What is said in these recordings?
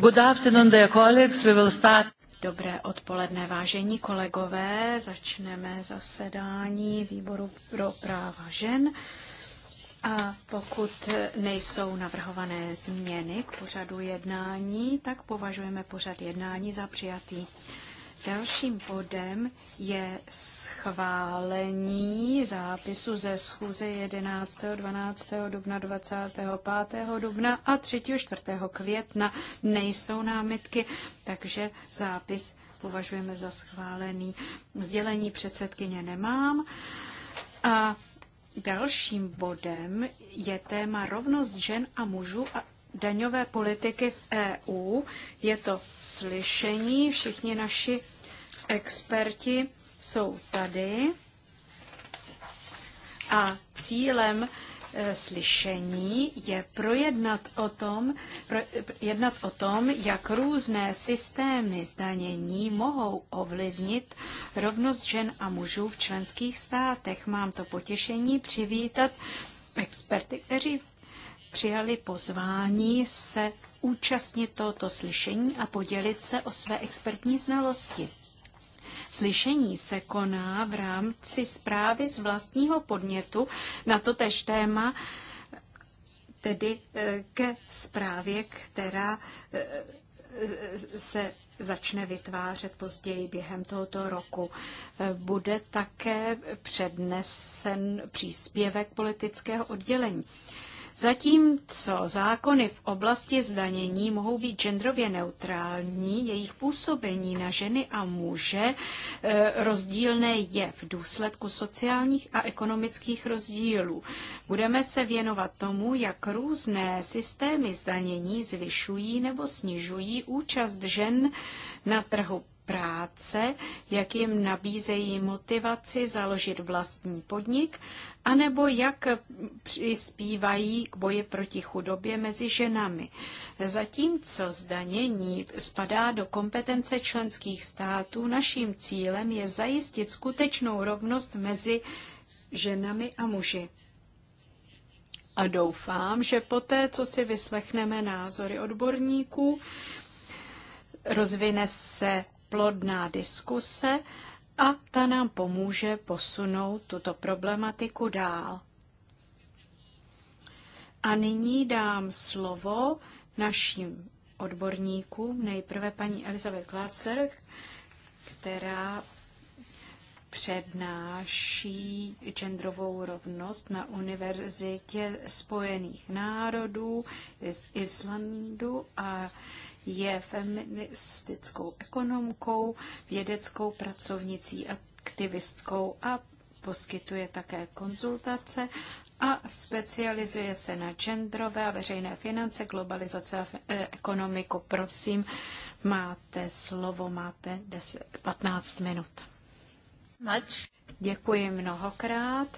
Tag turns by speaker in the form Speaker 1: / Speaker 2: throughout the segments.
Speaker 1: Good
Speaker 2: afternoon, dear colleagues. We will start. Dobré odpoledne, vážení kolegové. Začneme zasedání výboru pro práva žen. A pokud nejsou navrhované změny k pořadu jednání, tak považujeme pořad jednání za přijatý. Dalším bodem je schválení zápisu ze schůze 11. 12. dubna, 25. dubna a 3. 4. května. Nejsou námitky, takže zápis považujeme za schválený. Sdělení předsedkyně nemám. A dalším bodem je téma rovnost žen a mužů a daňové politiky v EU. Je to slyšení, všichni naši Experti jsou tady a cílem e, slyšení je projednat o tom, projednat jednat o tom, jak různé systémy zdanění mohou ovlivnit rovnost žen a mužů v členských státech. Mám to potěšení přivítat experty, kteří přijali pozvání se účastnit tohoto slyšení a podělit se o své expertní znalosti. Slyšení se koná v rámci zprávy z vlastního podnětu na to tež téma, tedy eh, ke zprávě, která eh, se začne vytvářet později během tohoto roku. Eh, bude také přednesen příspěvek politického oddělení. Zatímco zákony v oblasti zdanění mohou být genderově neutrální, jejich působení na ženy a muže e, rozdílné je v důsledku sociálních a ekonomických rozdílů. Budeme se věnovat tomu, jak různé systémy zdanění zvyšují nebo snižují účast žen na trhu práce, jak jim nabízejí motivaci založit vlastní podnik, anebo jak přispívají k boji proti chudobě mezi ženami. Zatímco zdanění spadá do kompetence členských států, naším cílem je zajistit skutečnou rovnost mezi ženami a muži a doufám, že poté, co si vyslechneme názory odborníků, rozvine se plodná diskuse a ta nám pomůže posunout tuto problematiku dál. A nyní dám slovo našim odborníkům, nejprve paní Elizabeth Glaser, která přednáší genderovou rovnost na Univerzitě Spojených národů z Islandu a je feministickou ekonomkou, vědeckou pracovnicí, aktivistkou a poskytuje také konzultace a specializuje se na genderové a veřejné finance, globalizace a eh, ekonomiku. Prosím, máte slovo, máte 10, 15 minut. Mač. Děkuji mnohokrát.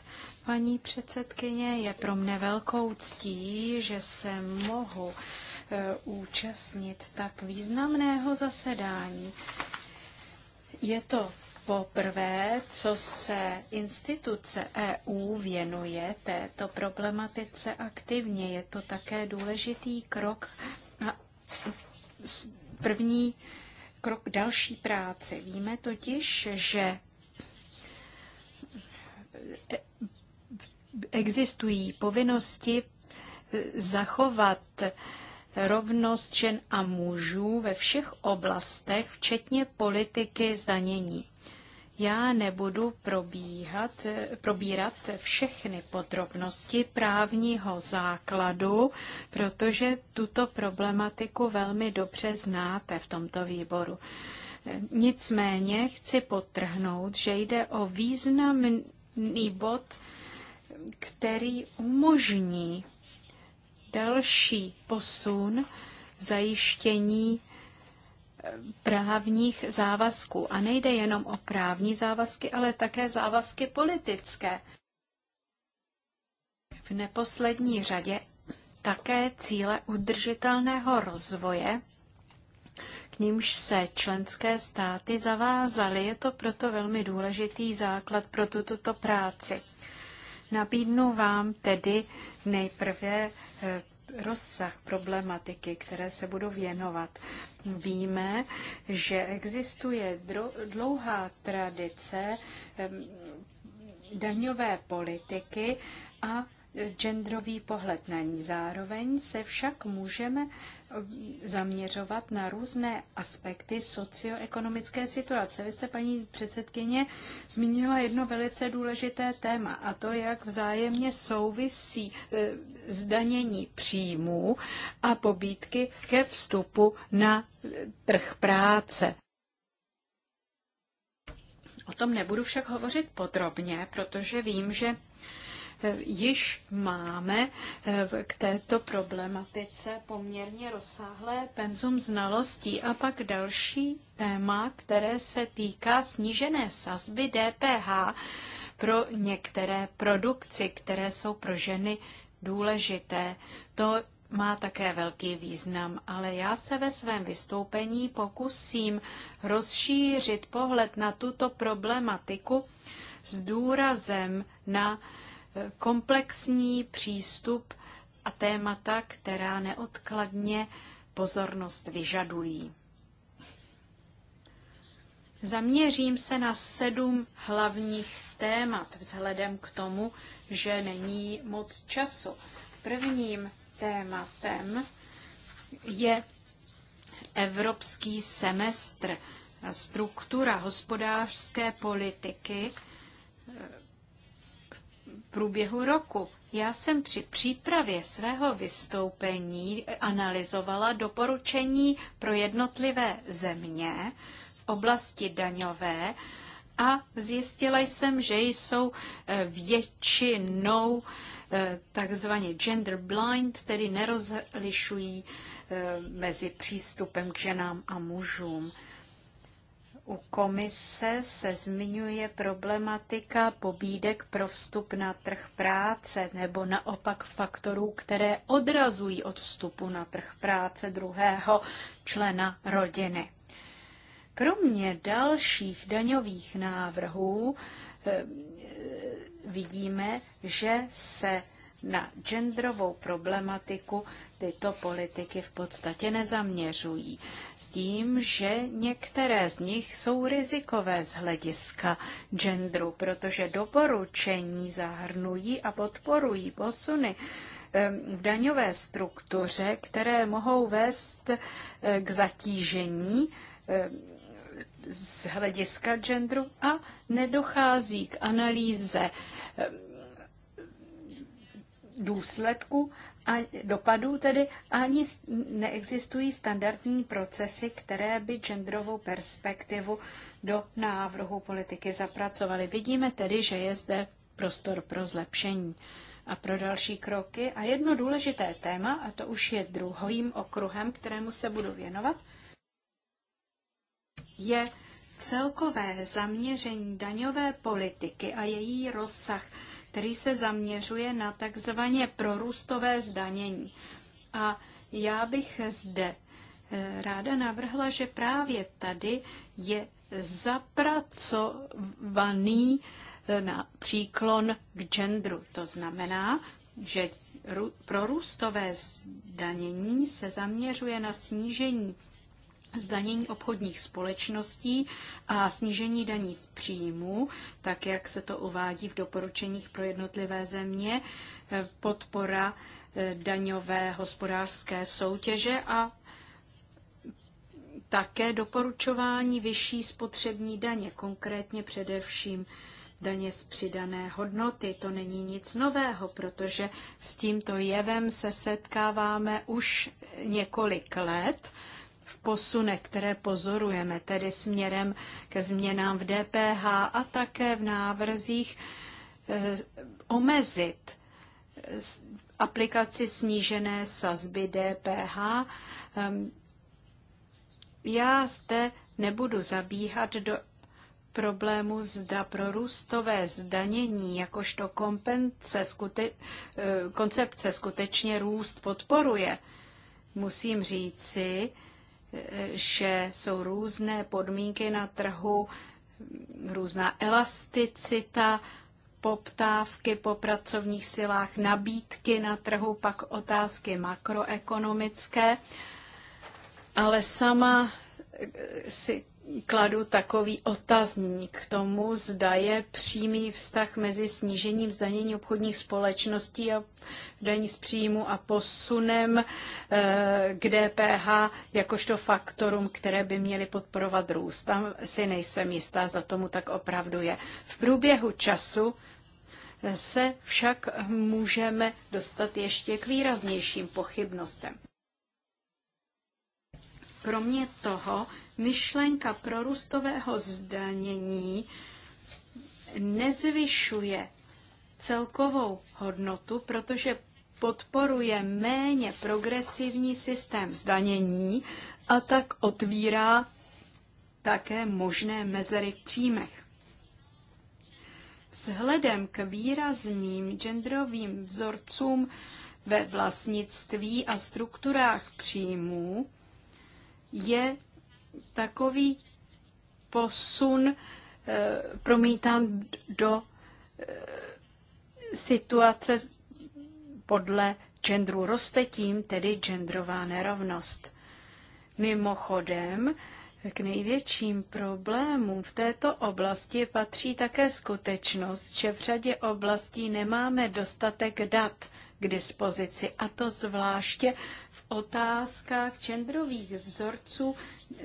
Speaker 2: Paní předsedkyně, je pro mne velkou ctí, že se mohu Eh, účastnit tak významného zasedání. Je to poprvé, co se instituce EU věnuje této problematice aktivně. Je to také důležitý krok a první krok další práce. Víme totiž, že existují povinnosti eh, zachovat rovnost žen a mužů ve všech oblastech, včetně politiky zdanění. Já nebudu probíhat, probírat všechny podrobnosti právního základu, protože tuto problematiku velmi dobře znáte v tomto výboru. Nicméně chci potrhnout, že jde o významný bod, který umožní další posun zajištění eh, právních závazků. A nejde jenom o právní závazky, ale také závazky politické. V neposlední řadě také cíle udržitelného rozvoje, k nímž se členské státy zavázaly. Je to proto velmi důležitý základ pro tuto práci. Nabídnu vám tedy nejprve Eh, rozsah problematiky, které se budou věnovat. Víme, že existuje dlouhá tradice daňové politiky a eh, genderový pohled na ní. Zároveň se však můžeme zaměřovat na různé aspekty socioekonomické situace. Vy jste, paní předsedkyně, zmínila jedno velice důležité téma, a to, jak vzájemně souvisí e, zdanění příjmů a pobídky ke vstupu na trh práce. O tom nebudu však hovořit podrobně, protože vím, že Eh, již máme eh, k této problematice poměrně rozsáhlé penzum znalostí. A pak další téma, které se týká snížené sazby DPH pro některé produkci, které jsou pro ženy důležité. To má také velký význam, ale já se ve svém vystoupení pokusím rozšířit pohled na tuto problematiku s důrazem na komplexní přístup a témata, která neodkladně pozornost vyžadují. Zaměřím se na sedm hlavních témat vzhledem k tomu, že není moc času. Prvním tématem je evropský semestr, struktura hospodářské politiky, průběhu roku. Já jsem při přípravě svého vystoupení analyzovala doporučení pro jednotlivé země v oblasti daňové a zjistila jsem, že jsou eh, většinou eh, takzvaně gender blind, tedy nerozlišují eh, mezi přístupem k ženám a mužům. U komise se zmiňuje problematika pobídek pro vstup na trh práce nebo naopak faktorů, které odrazují od vstupu na trh práce druhého člena rodiny. Kromě dalších daňových návrhů eh, vidíme, že se na genderovou problematiku tyto politiky v podstatě nezaměřují. S tím, že některé z nich jsou rizikové z hlediska genderu, protože doporučení zahrnují a podporují posuny v daňové struktuře, které mohou vést eh, k zatížení z hlediska genderu a nedochází k analýze důsledku a dopadů tedy ani neexistují standardní procesy, které by genderovou perspektivu do návrhu politiky zapracovaly. Vidíme tedy, že je zde prostor pro zlepšení a pro další kroky. A jedno důležité téma, a to už je druhým okruhem, kterému se budu věnovat, je celkové zaměření daňové politiky a její rozsah který se zaměřuje na takzvaně prorůstové zdanění. A já bych zde eh, ráda navrhla, že právě tady je zapracovaný eh, na příklon k genderu. To znamená, že prorůstové zdanění se zaměřuje na snížení zdanění obchodních společností a snížení daní z příjmu, tak jak se to uvádí v doporučeních pro jednotlivé země, e, podpora e, daňové hospodářské soutěže a také doporučování vyšší spotřební daně, konkrétně především daně z přidané hodnoty. To není nic nového, protože s tímto jevem se setkáváme už několik let posunech, které pozorujeme, tedy směrem ke změnám v DPH a také v návrzích eh, omezit aplikaci snížené sazby DPH. Ehm, já zde nebudu zabíhat do problému, zda pro růstové zdanění jakožto kompence, skute, eh, koncepce skutečně růst podporuje. Musím říci, že jsou různé podmínky na trhu, různá elasticita poptávky po pracovních silách, nabídky na trhu, pak otázky makroekonomické. Ale sama si kladu takový otazník k tomu, zda je přímý vztah mezi snížením zdanění obchodních společností a daní z příjmu a posunem eh, k DPH jakožto faktorům, které by měly podporovat růst. Tam si nejsem jistá, zda tomu tak opravdu je. V průběhu času eh, se však můžeme dostat ještě k výraznějším pochybnostem. Kromě toho myšlenka prorůstového zdanění nezvyšuje celkovou hodnotu, protože podporuje méně progresivní systém zdanění a tak otvírá také možné mezery v příjmech. Vzhledem k výrazným genderovým vzorcům ve vlastnictví a strukturách příjmů je takový posun eh, promítán do eh, situace podle genderu. Roste tím tedy genderová nerovnost. Mimochodem, k největším problémům v této oblasti patří také skutečnost, že v řadě oblastí nemáme dostatek dat k dispozici, a to zvláště v otázkách čendrových vzorců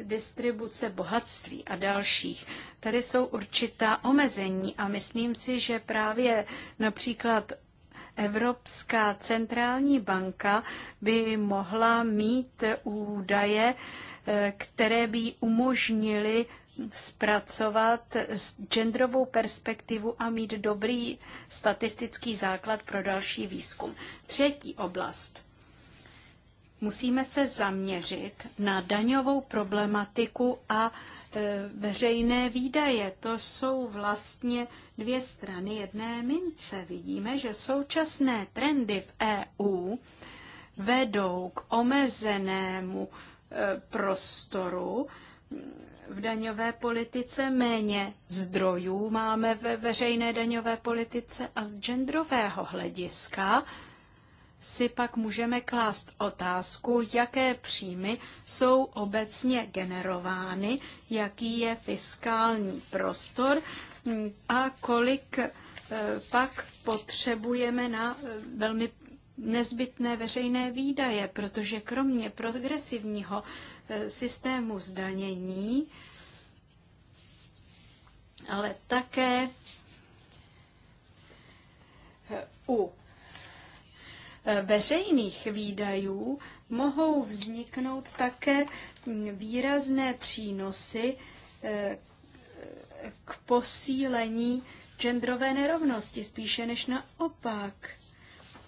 Speaker 2: distribuce bohatství a dalších. Tady jsou určitá omezení a myslím si, že právě například Evropská centrální banka by mohla mít údaje, eh, které by umožnily zpracovat genderovou perspektivu a mít dobrý statistický základ pro další výzkum. Třetí oblast. Musíme se zaměřit na daňovou problematiku a e, veřejné výdaje. To jsou vlastně dvě strany jedné mince. Vidíme, že současné trendy v EU vedou k omezenému e, prostoru v daňové politice, méně zdrojů máme ve veřejné daňové politice a z genderového hlediska si pak můžeme klást otázku, jaké příjmy jsou obecně generovány, jaký je fiskální prostor a kolik eh, pak potřebujeme na eh, velmi nezbytné veřejné výdaje, protože kromě progresivního systému zdanění, ale také u veřejných výdajů mohou vzniknout také výrazné přínosy eh, k posílení genderové nerovnosti, spíše než naopak.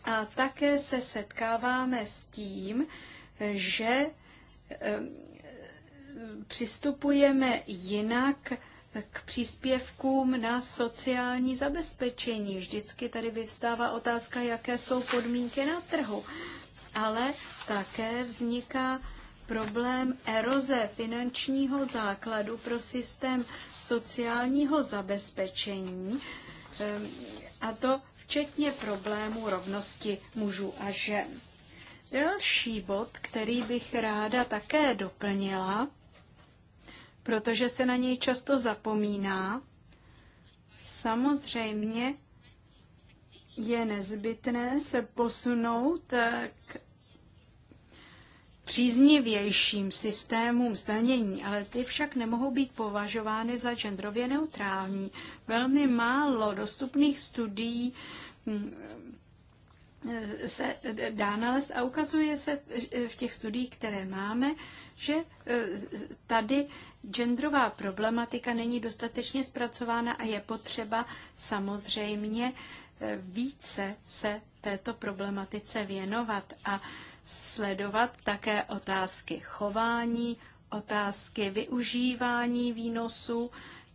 Speaker 2: A také se setkáváme s tím, že přistupujeme jinak k příspěvkům na sociální zabezpečení. Vždycky tady vyvstává otázka, jaké jsou podmínky na trhu. Ale také vzniká problém eroze finančního základu pro systém sociálního zabezpečení, ehm, a to včetně problému rovnosti mužů a žen. Další bod, který bych ráda také doplnila, protože se na něj často zapomíná, samozřejmě je nezbytné se posunout eh, k příznivějším systémům zdanění, ale ty však nemohou být považovány za genderově neutrální. Velmi málo dostupných studií hm, se dá nalézt a ukazuje se v těch studiích, které máme, že e, tady genderová problematika není dostatečně zpracována a je potřeba samozřejmě e, více se této problematice věnovat a sledovat také otázky chování, otázky využívání výnosů,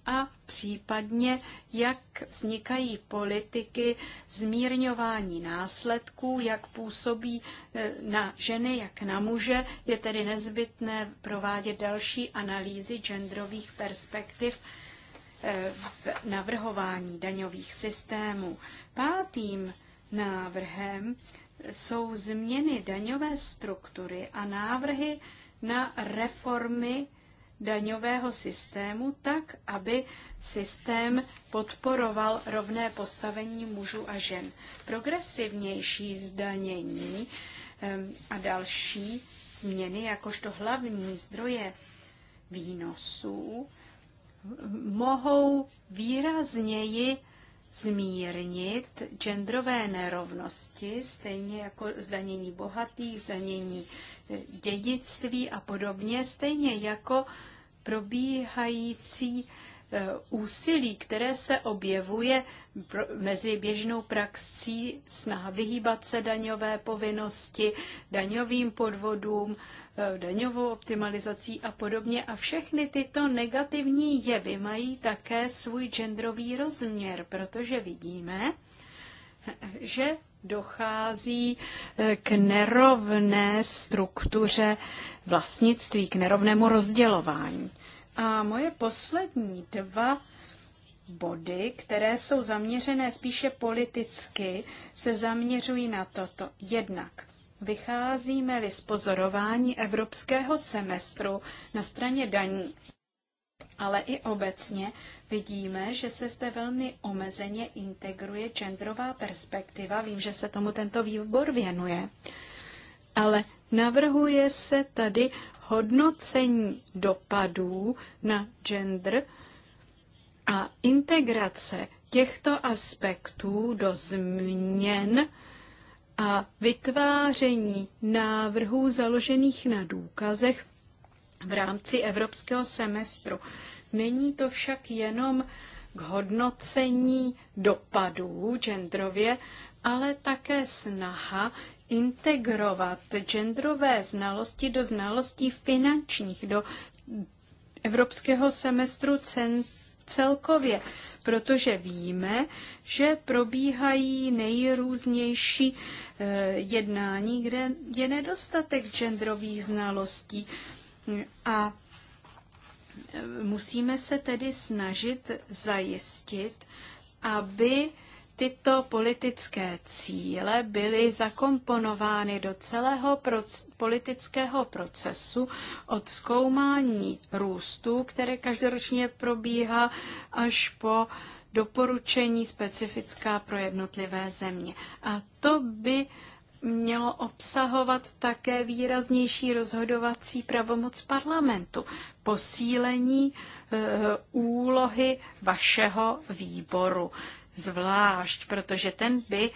Speaker 2: a případně jak vznikají politiky zmírňování následků, jak působí e, na ženy, jak na muže. Je tedy nezbytné provádět další analýzy genderových perspektiv e, v navrhování daňových systémů. Pátým návrhem jsou změny daňové struktury a návrhy na reformy daňového systému tak, aby systém podporoval rovné postavení mužů a žen. Progresivnější zdanění a další změny jakožto hlavní zdroje výnosů mohou výrazněji zmírnit genderové nerovnosti, stejně jako zdanění bohatých, zdanění e, dědictví a podobně, stejně jako probíhající eh, úsilí, které se objevuje mezi běžnou praxí, snaha vyhýbat se daňové povinnosti, daňovým podvodům, eh, daňovou optimalizací a podobně. A všechny tyto negativní jevy mají také svůj genderový rozměr, protože vidíme, že dochází eh, k nerovné struktuře vlastnictví, k nerovnému rozdělování. A moje poslední dva body, které jsou zaměřené spíše politicky, se zaměřují na toto. Jednak vycházíme-li z pozorování evropského semestru na straně daní, ale i obecně vidíme, že se zde velmi omezeně integruje genderová perspektiva. Vím, že se tomu tento výbor věnuje, ale navrhuje se tady hodnocení dopadů na gender a integrace těchto aspektů do změn a vytváření návrhů založených na důkazech v rámci evropského semestru. Není to však jenom k hodnocení dopadů genderově, ale také snaha integrovat genderové znalosti do znalostí finančních, do evropského semestru cen, celkově, protože víme, že probíhají nejrůznější e, jednání, kde je nedostatek genderových znalostí. A musíme se tedy snažit zajistit, aby tyto politické cíle byly zakomponovány do celého proc- politického procesu od zkoumání růstu, které každoročně probíhá, až po doporučení specifická pro jednotlivé země. A to by mělo obsahovat také výraznější rozhodovací pravomoc parlamentu, posílení e, úlohy vašeho výboru, zvlášť protože ten by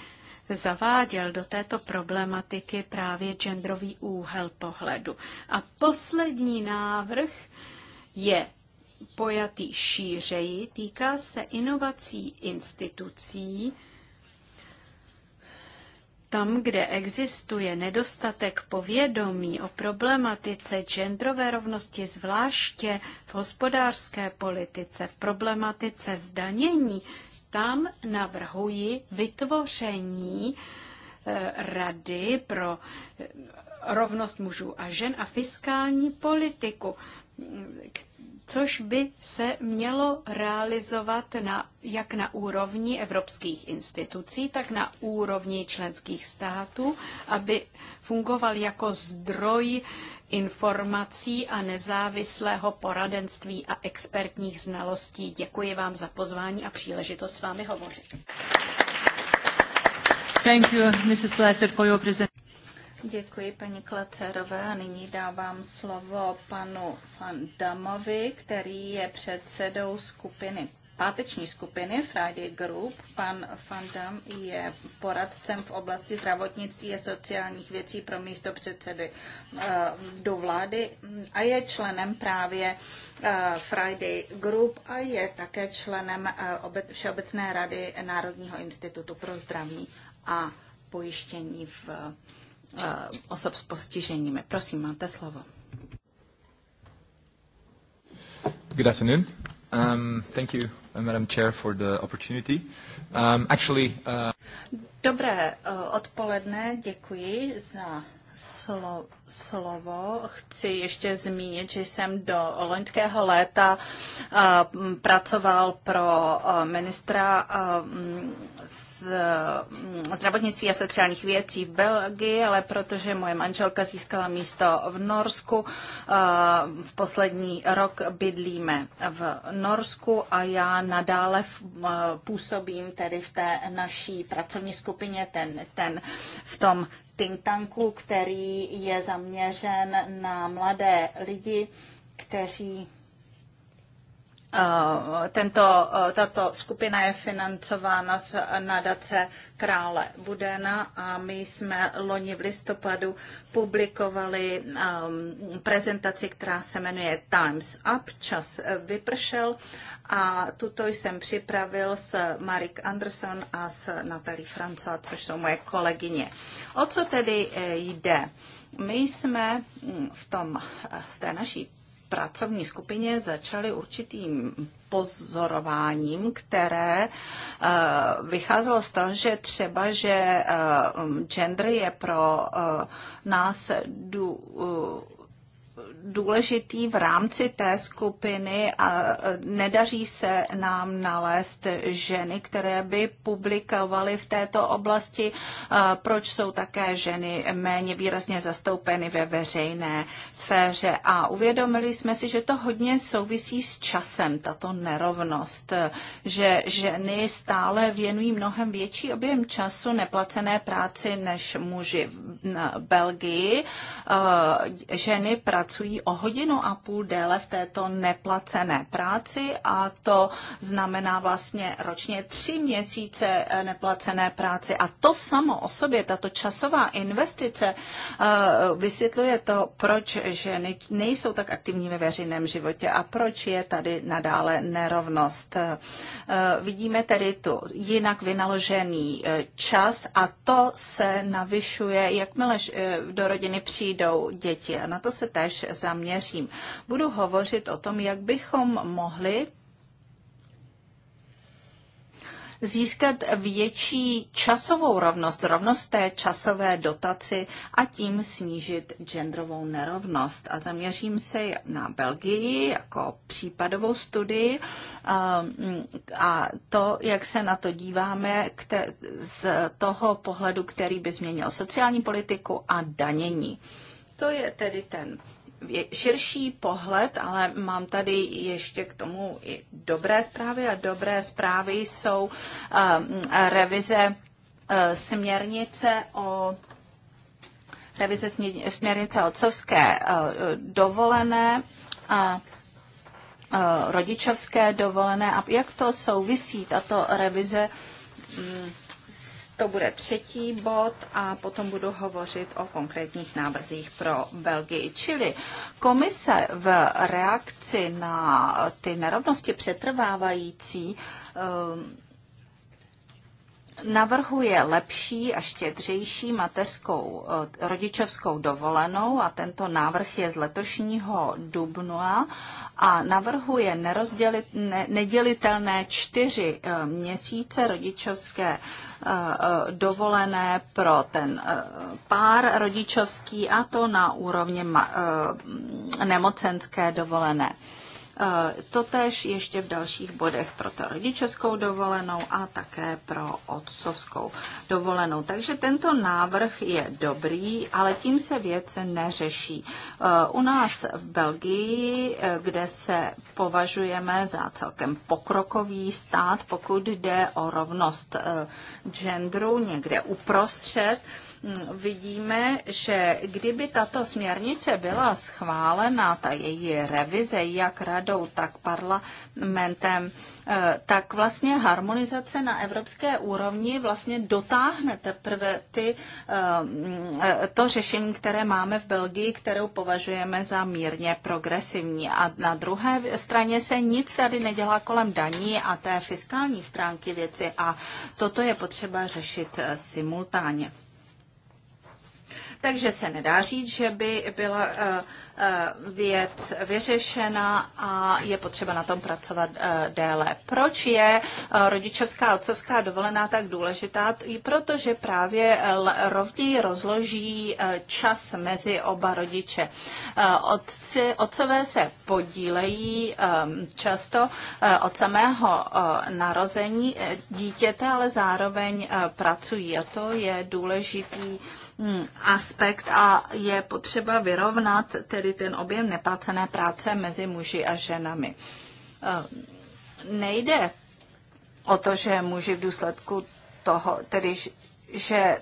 Speaker 2: zaváděl do této problematiky právě genderový úhel pohledu. A poslední návrh je pojatý šířeji, týká se inovací institucí, tam, kde existuje nedostatek povědomí o problematice genderové rovnosti, zvláště v hospodářské politice, v problematice zdanění, tam navrhuji vytvoření eh, Rady pro eh, rovnost mužů a žen a fiskální politiku, což by se mělo realizovat na, jak na úrovni evropských institucí, tak na úrovni členských států, aby fungoval jako zdroj informací a nezávislého poradenství a expertních znalostí. Děkuji vám za
Speaker 1: pozvání a příležitost s vámi hovořit.
Speaker 3: Thank you, Mrs. Placer, for your presentation.
Speaker 1: Děkuji paní Klacerové a nyní dávám slovo panu Fandamovi, který je předsedou skupiny páteční skupiny Friday Group. Pan Fandam je poradcem v oblasti zdravotnictví a sociálních věcí pro místo předsedy eh, do vlády a je členem právě eh, Friday Group a je také členem eh, Všeobecné rady Národního institutu pro zdraví a pojištění v Eh, osob s postiženími. Prosím, máte slovo.
Speaker 3: Good afternoon. Um, thank you, uh, Madam Chair, for the opportunity. Um, actually, uh...
Speaker 1: Dobré uh, odpoledne, děkuji za slo, slovo. Chci ještě zmínit, že jsem do loňského léta pracoval pro ministra z zdravotnictví a sociálních věcí v Belgii, ale protože moje manželka získala místo v Norsku, v poslední rok bydlíme v Norsku a já nadále působím tedy v té naší pracovní skupině, ten, ten v tom think tanku, který je zaměřen na mladé lidi, kteří
Speaker 2: Eh,
Speaker 1: tento, eh, tato skupina je financována z nadace Krále Budena a my jsme loni v listopadu publikovali um, prezentaci, která se jmenuje Times Up, čas eh, vypršel a tuto jsem připravil s Marik Anderson a s Natalie Francois, což jsou moje kolegyně. O co tedy jde? My jsme hm, v, tom, v té naší pracovní skupině začali určitým pozorováním, které eh, vycházelo z toho, že třeba, že eh, gender je pro eh, nás dů, důležitý v rámci té skupiny a e, nedaří se nám nalézt ženy, které by publikovaly v této oblasti. E, proč jsou také ženy méně výrazně zastoupeny ve veřejné sféře? A uvědomili jsme si, že to hodně souvisí s časem, tato nerovnost, e, že ženy stále věnují mnohem větší objem času neplacené práci než muži v Belgii. Ženy pracují stojí o hodinu a půl déle v této neplacené práci a to znamená vlastně ročně tři měsíce eh, neplacené práci. A to samo o sobě, tato časová investice, eh, vysvětluje to, proč ženy nejsou tak aktivní ve veřejném životě a proč je tady nadále nerovnost. Eh, vidíme tedy tu jinak vynaložený čas a to se navyšuje, jakmile do rodiny přijdou děti. A na to se též zaměřím. Budu hovořit o tom, jak bychom mohli získat větší časovou rovnost, rovnost té časové dotaci a tím snížit genderovou nerovnost. A zaměřím se na Belgii jako případovou studii eh, a to, jak se na to díváme z toho pohledu, který by změnil sociální politiku a danění. To je tedy ten širší pohled, ale mám tady ještě k tomu i dobré zprávy a dobré zprávy jsou um, revize uh, směrnice o revize směrnice otcovské uh, dovolené a uh, rodičovské dovolené a jak to souvisí tato revize hmm. To bude třetí bod a potom budu hovořit o konkrétních návrzích pro Belgii. Čili komise v reakci na ty nerovnosti přetrvávající ehm, navrhuje lepší a štědřejší mateřskou eh, rodičovskou dovolenou a tento návrh je z letošního dubna a navrhuje nerozdělit, ne, nedělitelné čtyři eh, měsíce rodičovské eh, dovolené pro ten pár rodičovský a to na úrovni nemocenské dovolené. Eh, Totež ještě v dalších bodech pro to rodičovskou dovolenou a také pro otcovskou dovolenou. Takže tento návrh je dobrý, ale tím se věc neřeší. Eh, u nás v Belgii, eh, kde se považujeme za celkem pokrokový stát, pokud jde o rovnost genderu, někde uprostřed, Mm, vidíme, že kdyby tato směrnice byla schválena, ta její revize jak radou, tak parlamentem, eh, tak vlastně harmonizace na evropské úrovni vlastně dotáhne teprve ty, eh, mm, eh, to řešení, které máme v Belgii, kterou považujeme za mírně progresivní. A na druhé straně se nic tady nedělá kolem daní a té fiskální stránky věci a toto je potřeba řešit simultánně. Takže se nedá říct, že by byla eh, eh, věc vyřešena a je potřeba na tom pracovat eh, déle. Proč je rodičovská otcovská dovolená tak důležitá? I Protože právě rovněji rozloží čas mezi oba rodiče. Otci, otcové se podílejí ehm, často od samého narození dítěte, ale zároveň pracují a to je důležitý Hmm, aspekt a je potřeba vyrovnat tedy ten objem neplacené práce mezi muži a ženami. Eh, nejde o to, že muži v důsledku toho, tedy že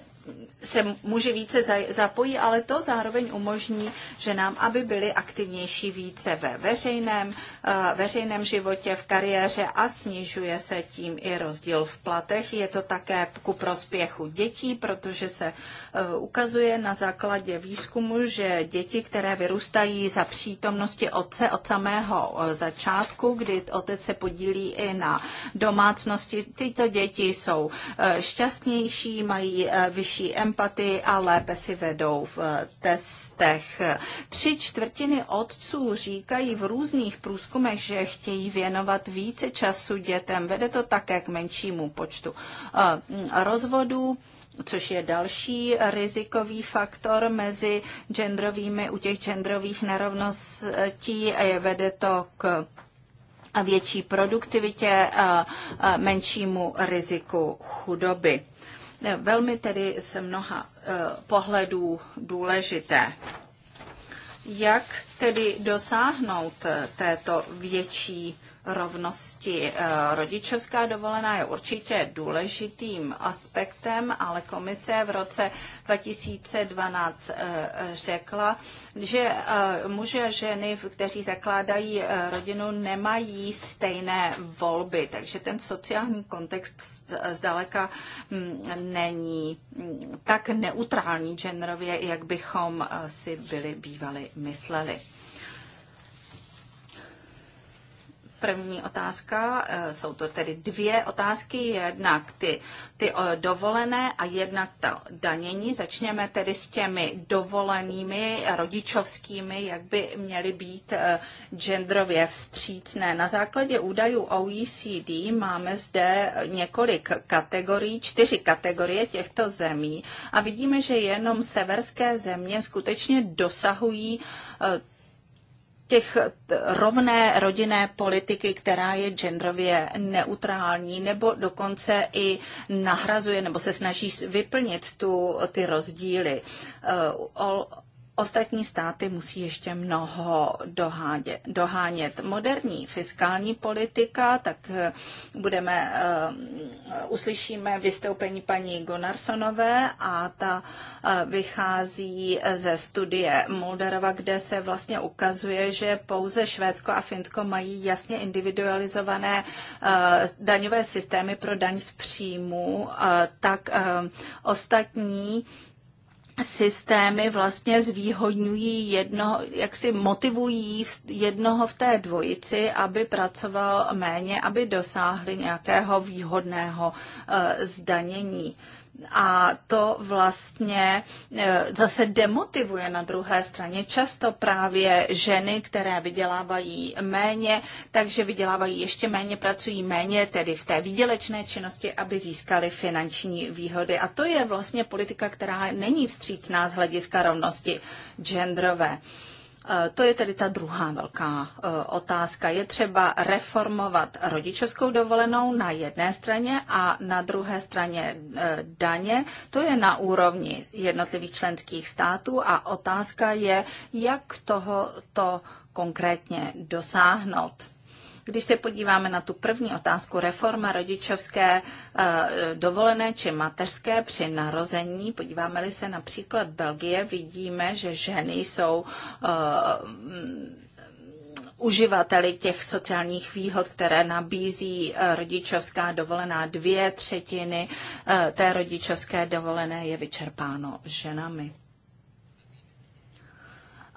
Speaker 1: se může více zapojí, ale to zároveň umožní že nám aby byli aktivnější více ve veřejném, eh, veřejném životě, v kariéře a snižuje se tím i rozdíl v platech. Je to také ku prospěchu dětí, protože se eh, ukazuje na základě výzkumu, že děti, které vyrůstají za přítomnosti otce od samého eh, začátku, kdy otec se podílí i na domácnosti, tyto děti jsou šťastnější, mají vyšší větší empatii a lépe si vedou v eh, testech. Tři čtvrtiny otců říkají v různých průzkumech, že chtějí věnovat více času dětem. Vede to také k menšímu počtu eh, rozvodů což je další rizikový faktor mezi genderovými, u těch genderových nerovností a eh, je vede to k větší produktivitě a menšímu riziku chudoby velmi tedy se mnoha eh, pohledů důležité. Jak tedy dosáhnout eh, této větší rovnosti. Eh, rodičovská dovolená je určitě důležitým aspektem, ale komise v roce 2012 eh, řekla, že eh, muže a ženy, kteří zakládají rodinu, nemají stejné volby, takže ten sociální kontext zdaleka mm, není mm, tak neutrální genderově, jak bychom si byli bývali mysleli. První otázka, eh, jsou to tedy dvě otázky, jednak ty, ty eh, dovolené a jednak ta danění. Začněme tedy s těmi dovolenými rodičovskými, jak by měly být eh, genderově vstřícné. Na základě údajů OECD máme zde několik kategorií, čtyři kategorie těchto zemí a vidíme, že jenom severské země skutečně dosahují těch rovné rodinné politiky, která je genderově neutrální, nebo dokonce i nahrazuje, nebo se snaží vyplnit tu, ty rozdíly. Eh, Ostatní státy musí ještě mnoho dohádět, dohánět. Moderní fiskální politika, tak eh, budeme, eh, uslyšíme vystoupení paní Gonarsonové a ta eh, vychází ze studie Mulderova, kde se vlastně ukazuje, že pouze Švédsko a Finsko mají jasně individualizované daňové systémy pro daň z příjmu, tak ostatní systémy vlastně zvýhodňují jedno, jak si motivují jednoho v té dvojici, aby pracoval méně, aby dosáhli nějakého výhodného eh, zdanění a to vlastně e, zase demotivuje na druhé straně často právě ženy, které vydělávají méně, takže vydělávají ještě méně, pracují méně, tedy v té výdělečné činnosti, aby získali finanční výhody. A to je vlastně politika, která není vstřícná z hlediska rovnosti genderové. Eh, to je tedy ta druhá velká eh, otázka. Je třeba reformovat rodičovskou dovolenou na jedné straně a na druhé straně eh, daně. To je na úrovni jednotlivých členských států a otázka je, jak tohoto konkrétně dosáhnout. Když se podíváme na tu první otázku, reforma rodičovské eh, dovolené či mateřské při narození, podíváme-li se například Belgie, vidíme, že ženy jsou eh, mm, uživateli těch sociálních výhod, které nabízí eh, rodičovská dovolená. Dvě třetiny té rodičovské dovolené je vyčerpáno ženami.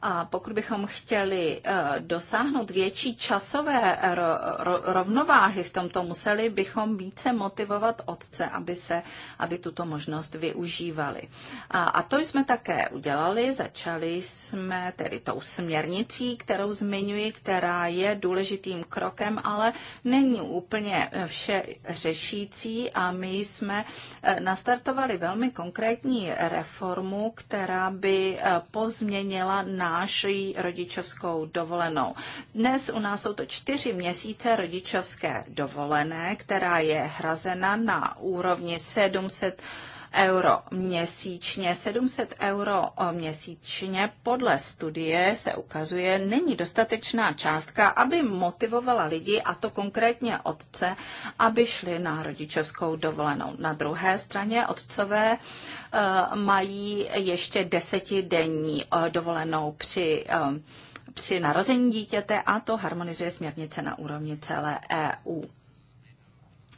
Speaker 1: A pokud bychom chtěli eh, dosáhnout větší časové rovnováhy v tomto, museli bychom více motivovat otce, aby, se, aby tuto možnost využívali. A, a to jsme také udělali. Začali jsme tedy tou směrnicí, kterou zmiňuji, která je důležitým krokem, ale není úplně eh, vše řešící a my jsme eh, nastartovali velmi konkrétní reformu, která by pozměnila na náší rodičovskou dovolenou. Dnes u nás jsou to čtyři měsíce rodičovské dovolené, která je hrazena na úrovni 700 euro měsíčně. 700 euro měsíčně podle studie se ukazuje, není dostatečná částka, aby motivovala lidi, a to konkrétně otce, aby šli na rodičovskou dovolenou. Na druhé straně otcové eh, mají ještě desetidenní eh, dovolenou při eh, při narození dítěte a to harmonizuje směrnice na úrovni celé EU.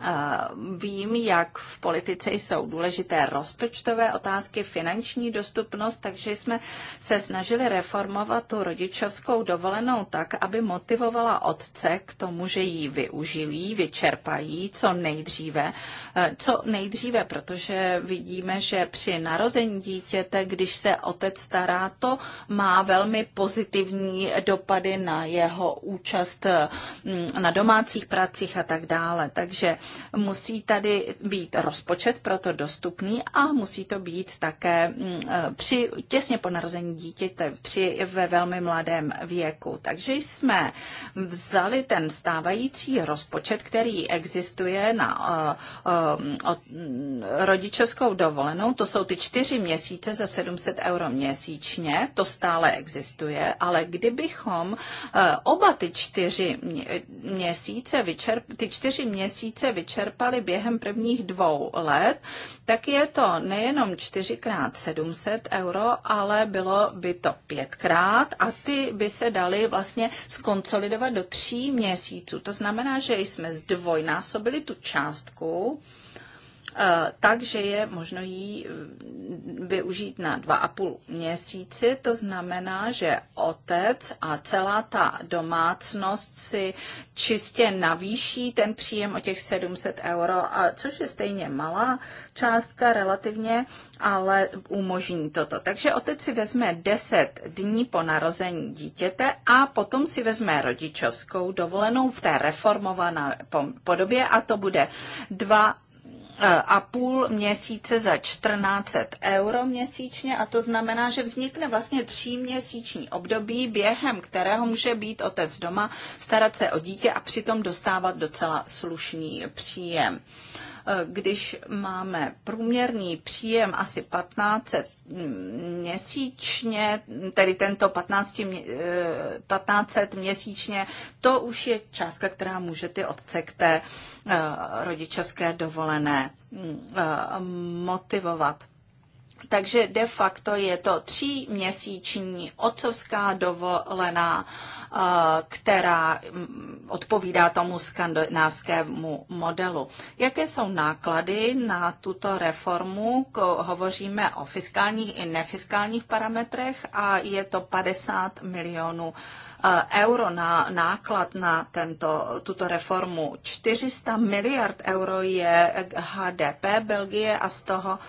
Speaker 1: Eh, vím, jak v politice jsou důležité rozpočtové otázky, finanční dostupnost, takže jsme se snažili reformovat tu rodičovskou dovolenou tak, aby motivovala otce k tomu, že ji využijí, vyčerpají co nejdříve, eh, co nejdříve, protože vidíme, že při narození dítěte, když se otec stará, to má velmi pozitivní dopady na jeho účast mm, na domácích pracích a tak dále. Takže Musí tady být rozpočet proto dostupný a musí to být také mm, eh, při těsně po narození dítěte, při ve velmi mladém věku. Takže jsme vzali ten stávající rozpočet, který existuje na eh, eh, mm, rodičovskou dovolenou, to jsou ty čtyři měsíce za 700 euro měsíčně, to stále existuje, ale kdybychom oba ty čtyři měsíce vyčerpali, ty čtyři měsíce vyčerpali během prvních dvou let, tak je to nejenom čtyřikrát 700 euro, ale bylo by to pětkrát a ty by se daly vlastně skonsolidovat do tří měsíců. To znamená, že jsme zdvojnásobili tu částku Eh, takže je možno ji eh, využít na dva a půl měsíci. To znamená, že otec a celá ta domácnost si čistě navýší ten příjem o těch 700 euro, a což je stejně malá částka relativně, ale umožní toto. Takže otec si vezme 10 dní po narození dítěte a potom si vezme rodičovskou dovolenou v té reformované podobě a to bude dva a půl měsíce za 14 euro měsíčně a to znamená, že vznikne vlastně tříměsíční období, během kterého může být otec doma, starat se o dítě a přitom dostávat docela slušný příjem. Eh, když máme průměrný příjem asi 15 měsíčně, tedy tento 15, 1500 eh, měsíčně, to už je částka, která může ty otce k té eh, rodičovské dovolené mm, motivovat takže de facto je to tříměsíční otcovská dovolená, eh, která mm, odpovídá tomu skandinávskému modelu. Jaké jsou náklady na tuto reformu? Hovoříme o fiskálních i nefiskálních parametrech a je to 50 milionů eh, euro na náklad na tento, tuto reformu. 400 miliard euro je HDP Belgie a z toho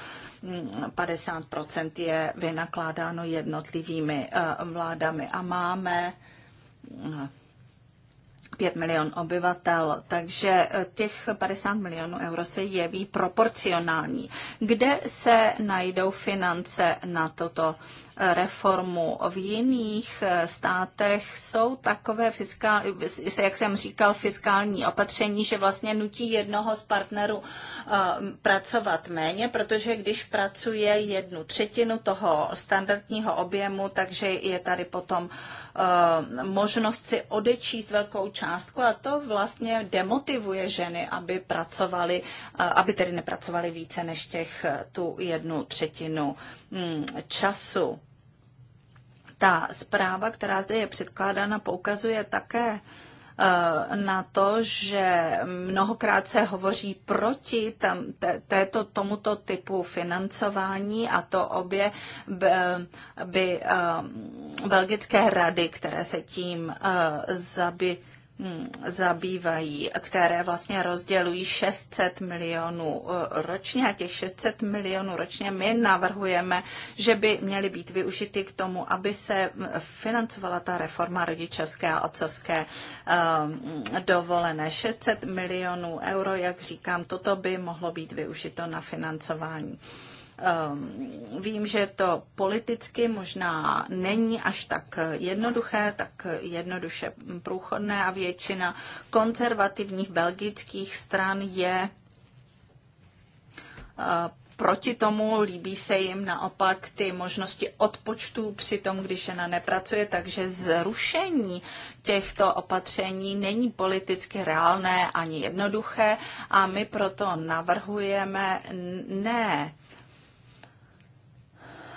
Speaker 1: 50 je vynakládáno jednotlivými eh, vládami a máme 5 eh, milion obyvatel, takže eh, těch 50 milionů euro se jeví proporcionální. Kde se najdou finance na toto? reformu. V jiných eh, státech jsou takové, fiskál, jak jsem říkal, fiskální opatření, že vlastně nutí jednoho z partnerů eh, pracovat méně, protože když pracuje jednu třetinu toho standardního objemu, takže je tady potom eh, možnost si odečíst velkou částku a to vlastně demotivuje ženy, aby pracovali, aby tedy nepracovali více než těch tu jednu třetinu Hm, času. Ta zpráva, která zde je předkládána, poukazuje také eh, na to, že mnohokrát se hovoří proti tam, této, tomuto typu financování a to obě by, by eh, belgické rady, které se tím eh, zabývají, Hm, zabývají, které vlastně rozdělují 600 milionů eh, ročně a těch 600 milionů ročně my navrhujeme, že by měly být využity k tomu, aby se hm, financovala ta reforma rodičovské a otcovské eh, hm, dovolené. 600 milionů euro, jak říkám, toto by mohlo být využito na financování. Ehm, vím, že to politicky možná není až tak jednoduché, tak jednoduše průchodné a většina konzervativních belgických stran je eh, proti tomu, líbí se jim naopak ty možnosti odpočtů při tom, když žena nepracuje, takže zrušení těchto opatření není politicky reálné ani jednoduché a my proto navrhujeme ne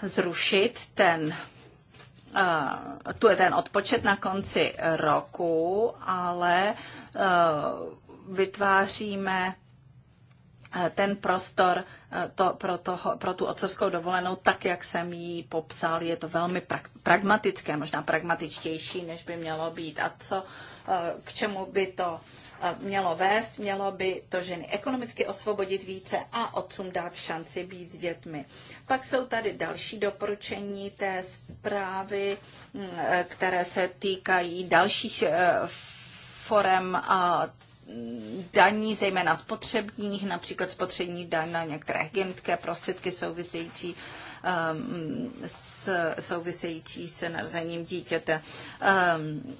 Speaker 1: zrušit ten eh, tu je ten odpočet na konci roku, ale eh, vytváříme eh, ten prostor to, pro, toho, pro tu otcovskou dovolenou, tak jak jsem ji popsal, je to velmi pra- pragmatické, možná pragmatičtější, než by mělo být. A co, k čemu by to Eh, mělo vést, mělo by to ženy ekonomicky osvobodit více a otcům dát šanci být s dětmi. Pak jsou tady další doporučení té zprávy, mm, eh, které se týkají dalších eh, forem a mm, daní, zejména spotřebních, například spotřební daň na některé hygienické prostředky související ehm, s, související s narozením dítěte. Ehm,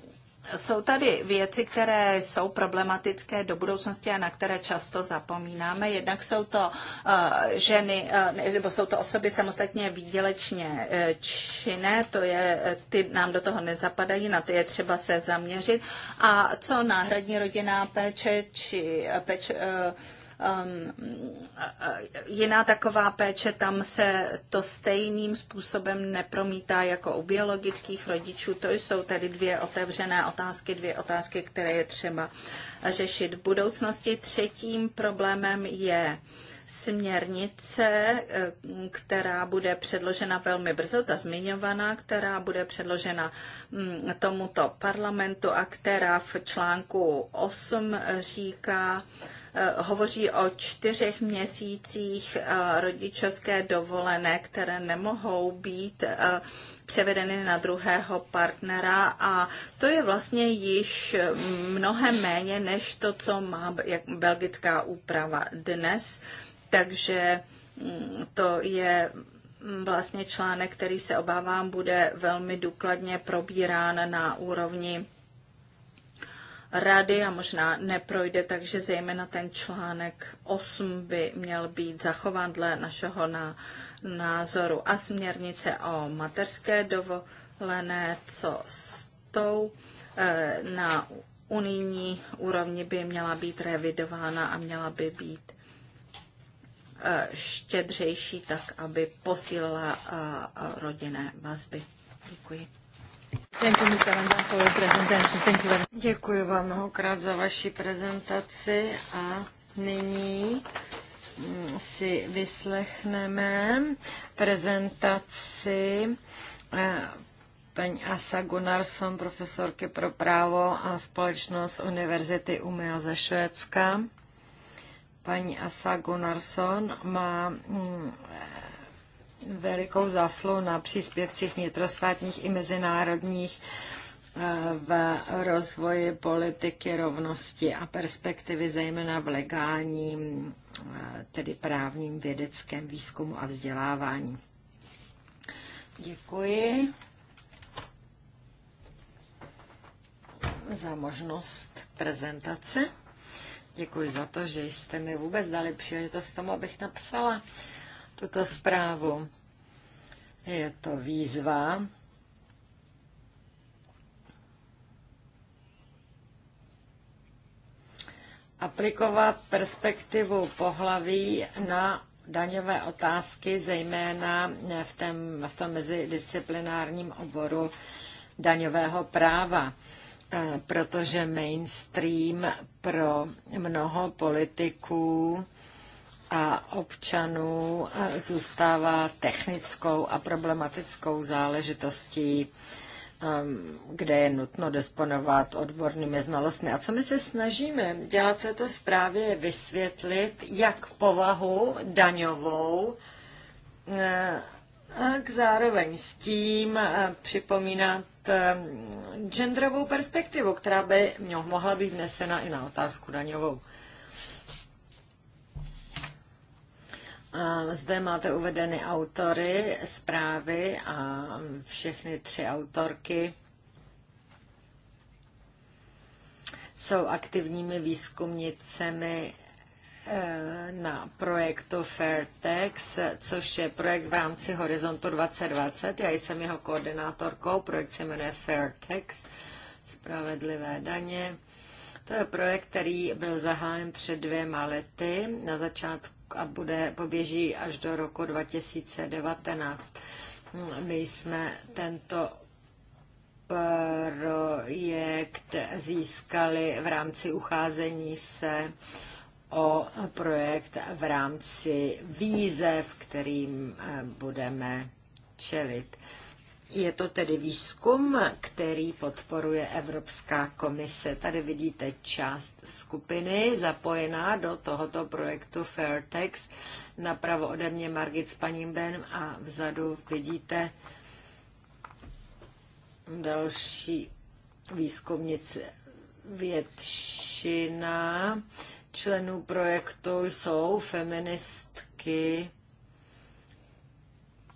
Speaker 1: jsou tady věci, které jsou problematické do budoucnosti a na které často zapomínáme. Jednak jsou to eh, ženy, eh, nebo jsou to osoby samostatně výdělečně eh, činné, to je, ty nám do toho nezapadají, na ty je třeba se zaměřit. A co náhradní rodinná péče, či péče, um, jiná taková péče, tam se to stejným způsobem nepromítá jako u biologických rodičů. To jsou tedy dvě otevřené otázky, dvě otázky, které je třeba řešit v budoucnosti. Třetím problémem je směrnice, která bude předložena velmi brzo, ta zmiňovaná, která bude předložena mm, tomuto parlamentu a která v článku 8 říká, Eh, hovoří o čtyřech měsících eh, rodičovské dovolené, které nemohou být eh, převedeny na druhého partnera a to je vlastně již mm, mnohem méně než to, co má belgická úprava dnes. Takže mm, to je mm, vlastně článek, který se obávám bude velmi důkladně probírán na úrovni rady a možná neprojde, takže zejména ten článek 8 by měl být zachován dle našeho na, názoru. A směrnice o materské dovolené, co s tou eh, na unijní úrovni by měla být revidována a měla by být eh, štědřejší, tak aby posílila eh, rodinné vazby. Děkuji.
Speaker 3: Děkuji vám mnohokrát za vaši prezentaci a nyní mm, si vyslechneme prezentaci eh, paní Asa Gunnarsson, profesorky pro právo a společnost Univerzity Umeå ze Švédska. Paní Asa Gunnarsson má mm, velikou zaslou na příspěvcích vnitrostátních i mezinárodních eh, v rozvoji politiky rovnosti a perspektivy, zejména v legálním, eh, tedy právním vědeckém výzkumu a vzdělávání. Děkuji za možnost prezentace. Děkuji za to, že jste mi vůbec dali příležitost tomu, abych napsala tuto zprávu. Je to výzva aplikovat perspektivu pohlaví na daňové otázky, zejména v, tém, v tom mezidisciplinárním oboru daňového práva, e, protože mainstream pro mnoho politiků a občanů zůstává technickou a problematickou záležitostí, um, kde je nutno disponovat odbornými znalostmi. A co my se snažíme dělat se to zprávě je vysvětlit, jak povahu daňovou eh, k zároveň s tím eh, připomínat eh, genderovou perspektivu, která by mohla být vnesena i na otázku daňovou. Zde máte uvedeny autory zprávy a všechny tři autorky jsou aktivními výzkumnicemi eh, na projektu Fairtex, což je projekt v rámci Horizontu 2020. Já jsem jeho koordinátorkou, projekt se jmenuje Fairtex, Spravedlivé daně. To je projekt, který byl zahájen před dvěma lety na začátku a bude poběží až do roku 2019. My jsme tento projekt získali v rámci ucházení se o projekt v rámci výzev, kterým eh, budeme čelit. Je to tedy výzkum, který podporuje Evropská komise. Tady vidíte část skupiny zapojená do tohoto projektu Fairtex. Napravo ode mě Margit s paním Ben a vzadu vidíte další výzkumnice. Většina členů projektu jsou feministky,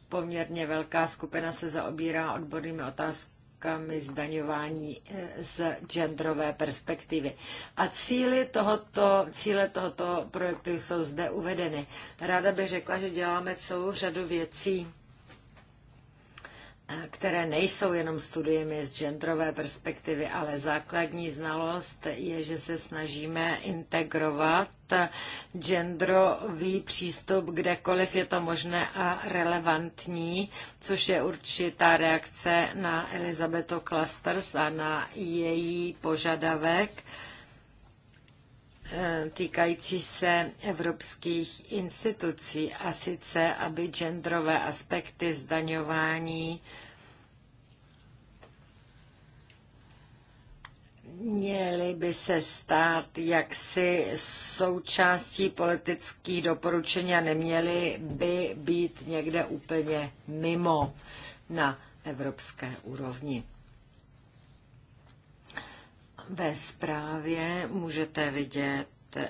Speaker 3: poměrně velká skupina se zaobírá odbornými otázkami zdaňování eh, z genderové perspektivy. A cíly tohoto, cíle tohoto projektu jsou zde uvedeny. Ráda bych řekla, že děláme celou řadu věcí Eh, které nejsou jenom studiemi z genderové perspektivy, ale základní znalost je, že se snažíme integrovat genderový přístup kdekoliv je to možné a relevantní, což je určitá reakce na Elizabeto Clusters a na její požadavek Eh, týkající se evropských institucí a sice, aby genderové aspekty zdaňování měly by se stát jaksi součástí politických doporučení a neměly by být někde úplně mimo na evropské úrovni. Ve zprávě můžete vidět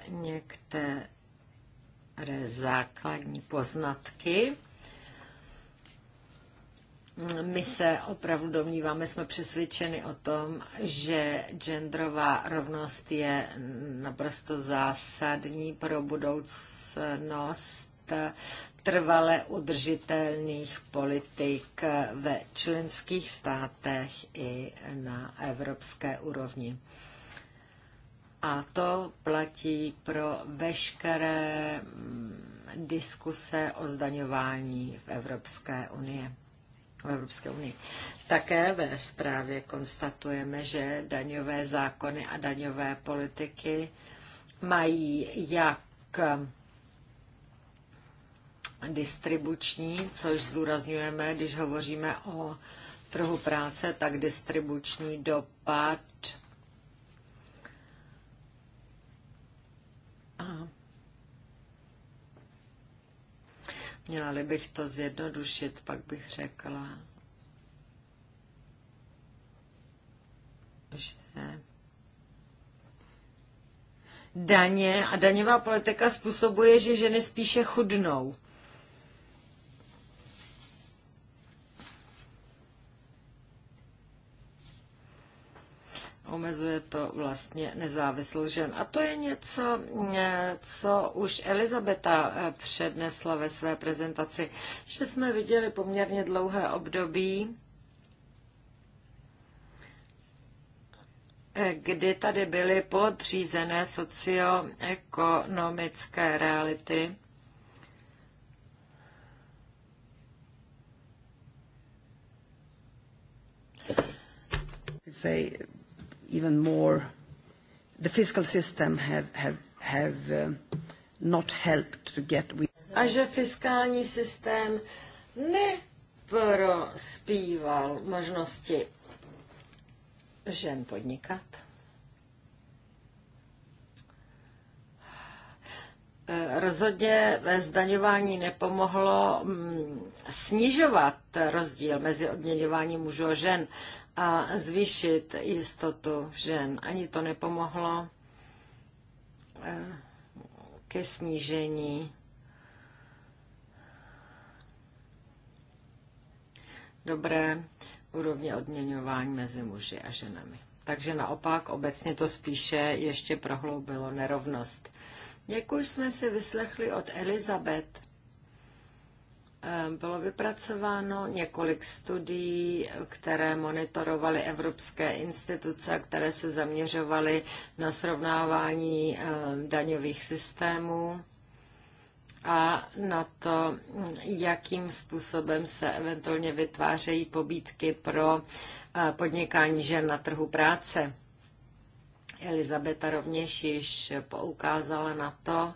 Speaker 3: některé základní poznatky. My se opravdu domníváme, jsme přesvědčeni o tom, že genderová rovnost je naprosto zásadní pro budoucnost trvale udržitelných politik ve členských státech i na evropské úrovni. A to platí pro veškeré mm, diskuse o zdaňování v Evropské unii. V Evropské unii. Také ve zprávě konstatujeme, že daňové zákony a daňové politiky mají jak distribuční, což zdůrazňujeme, když hovoříme o trhu práce, tak distribuční dopad Měla-li bych to zjednodušit, pak bych řekla, že daně a daňová politika způsobuje, že ženy spíše chudnou. omezuje to vlastně nezávislost žen. A to je něco, co už Elizabeta eh, přednesla ve své prezentaci, že jsme viděli poměrně dlouhé období, eh, kdy tady byly podřízené socioekonomické
Speaker 2: reality. say even
Speaker 3: more the fiscal system have, have, have uh, not
Speaker 1: helped to get we
Speaker 3: a že fiskální systém neprospíval možnosti žen podnikat. Eh, rozhodně zdaňování nepomohlo mm, snižovat rozdíl mezi odměňováním mužů a žen a zvýšit jistotu žen. Ani to nepomohlo eh, ke snížení dobré úrovně odměňování mezi muži a ženami. Takže naopak obecně to spíše ještě prohloubilo nerovnost. Jak už jsme si vyslechli od Elizabeth, eh, bylo vypracováno několik studií, které monitorovaly evropské instituce, které se zaměřovaly na srovnávání eh, daňových systémů a na to, jakým způsobem se eventuálně vytvářejí pobídky pro eh, podnikání žen na trhu práce. Elizabeta rovněž již poukázala na to,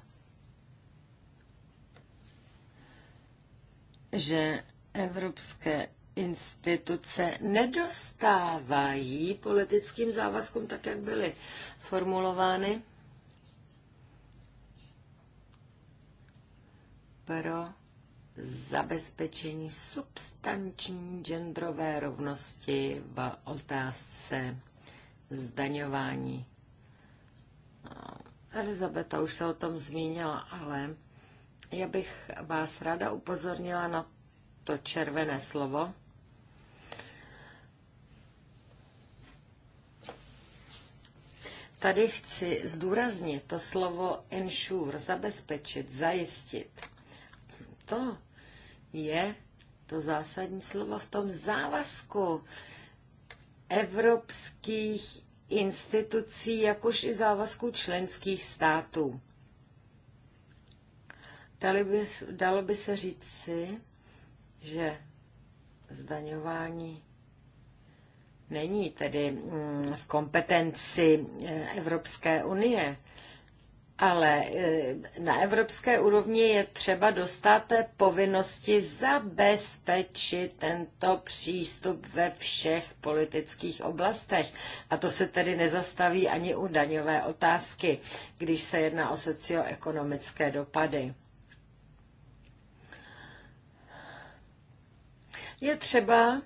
Speaker 3: že evropské instituce nedostávají politickým závazkům tak, jak byly formulovány. Pro zabezpečení substanční genderové rovnosti v otázce zdaňování. Elizabeta už se o tom zmínila, ale já bych vás ráda upozornila na to červené slovo. Tady chci zdůraznit to slovo ensure, zabezpečit, zajistit. To je to zásadní slovo v tom závazku evropských institucí, jakož i závazků členských států. Dali by, dalo by se říci, že zdaňování není tedy mm, v kompetenci eh, Evropské unie, ale e, na evropské úrovni je třeba dostat povinnosti zabezpečit tento přístup ve všech politických oblastech. A to se tedy nezastaví ani u daňové otázky, když se jedná o socioekonomické dopady. Je třeba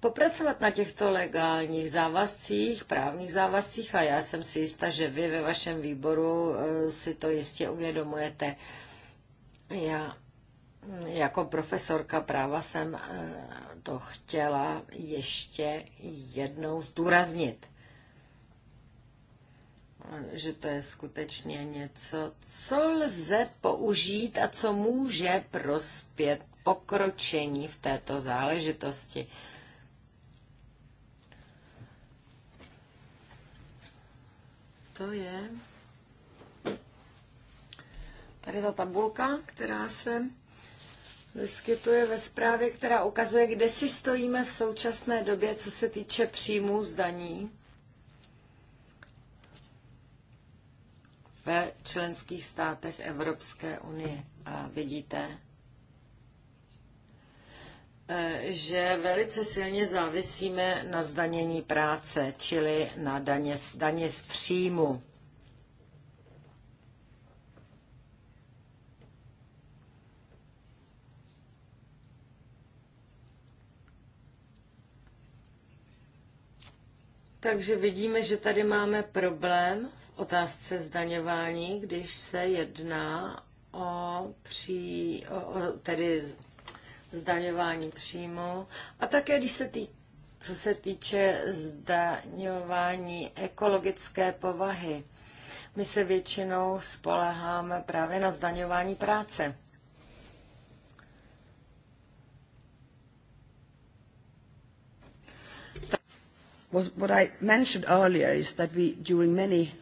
Speaker 3: popracovat na těchto legálních závazcích, právních závazcích a já jsem si jista, že vy ve vašem výboru eh, si to jistě uvědomujete. Já jako profesorka práva jsem eh, to chtěla ještě jednou zdůraznit, že to je skutečně něco, co lze použít a co může prospět pokročení v této záležitosti. to je tady ta tabulka, která se vyskytuje ve zprávě, která ukazuje, kde si stojíme v současné době, co se týče příjmů zdaní ve členských státech Evropské unie. A vidíte, Eh, že velice silně závisíme na zdanění práce, čili na daně, daně z příjmu. Takže vidíme, že tady máme problém v otázce zdaňování, když se jedná o, pří, o, o tedy zdaňování příjmu a také, když se tý, co se týče zdaňování ekologické povahy. My se většinou spoleháme právě na zdaňování práce. What I mentioned
Speaker 1: earlier is that we, during many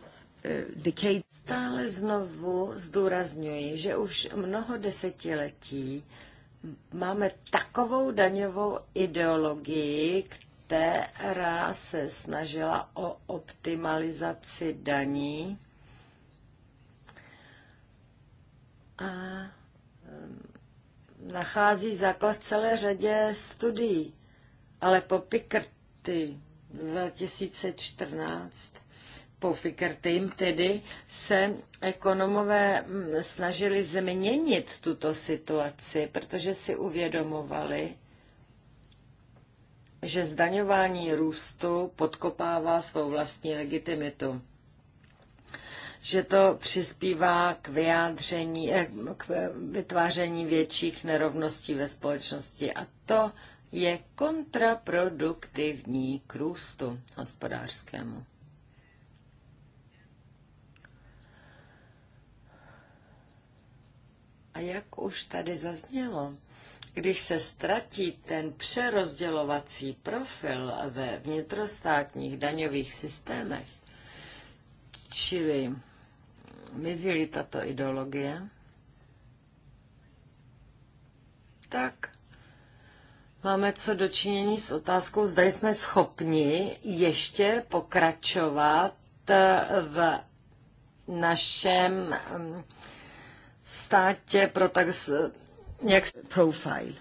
Speaker 1: uh,
Speaker 3: Stále znovu zdůrazňuji, že už mnoho desetiletí máme takovou daňovou ideologii, která se snažila o optimalizaci daní a nachází základ celé řadě studií, ale po Pikrty 2014 po Fikertym tedy se ekonomové mm, snažili změnit tuto situaci, protože si uvědomovali, že zdaňování růstu podkopává svou vlastní legitimitu že to přispívá k vyjádření, eh, k vytváření větších nerovností ve společnosti a to je kontraproduktivní k růstu hospodářskému. A jak už tady zaznělo, když se ztratí ten přerozdělovací profil ve vnitrostátních daňových systémech, čili mizí tato ideologie, tak máme co dočinění s otázkou, zda jsme schopni ještě pokračovat v našem státě pro tak nějak profile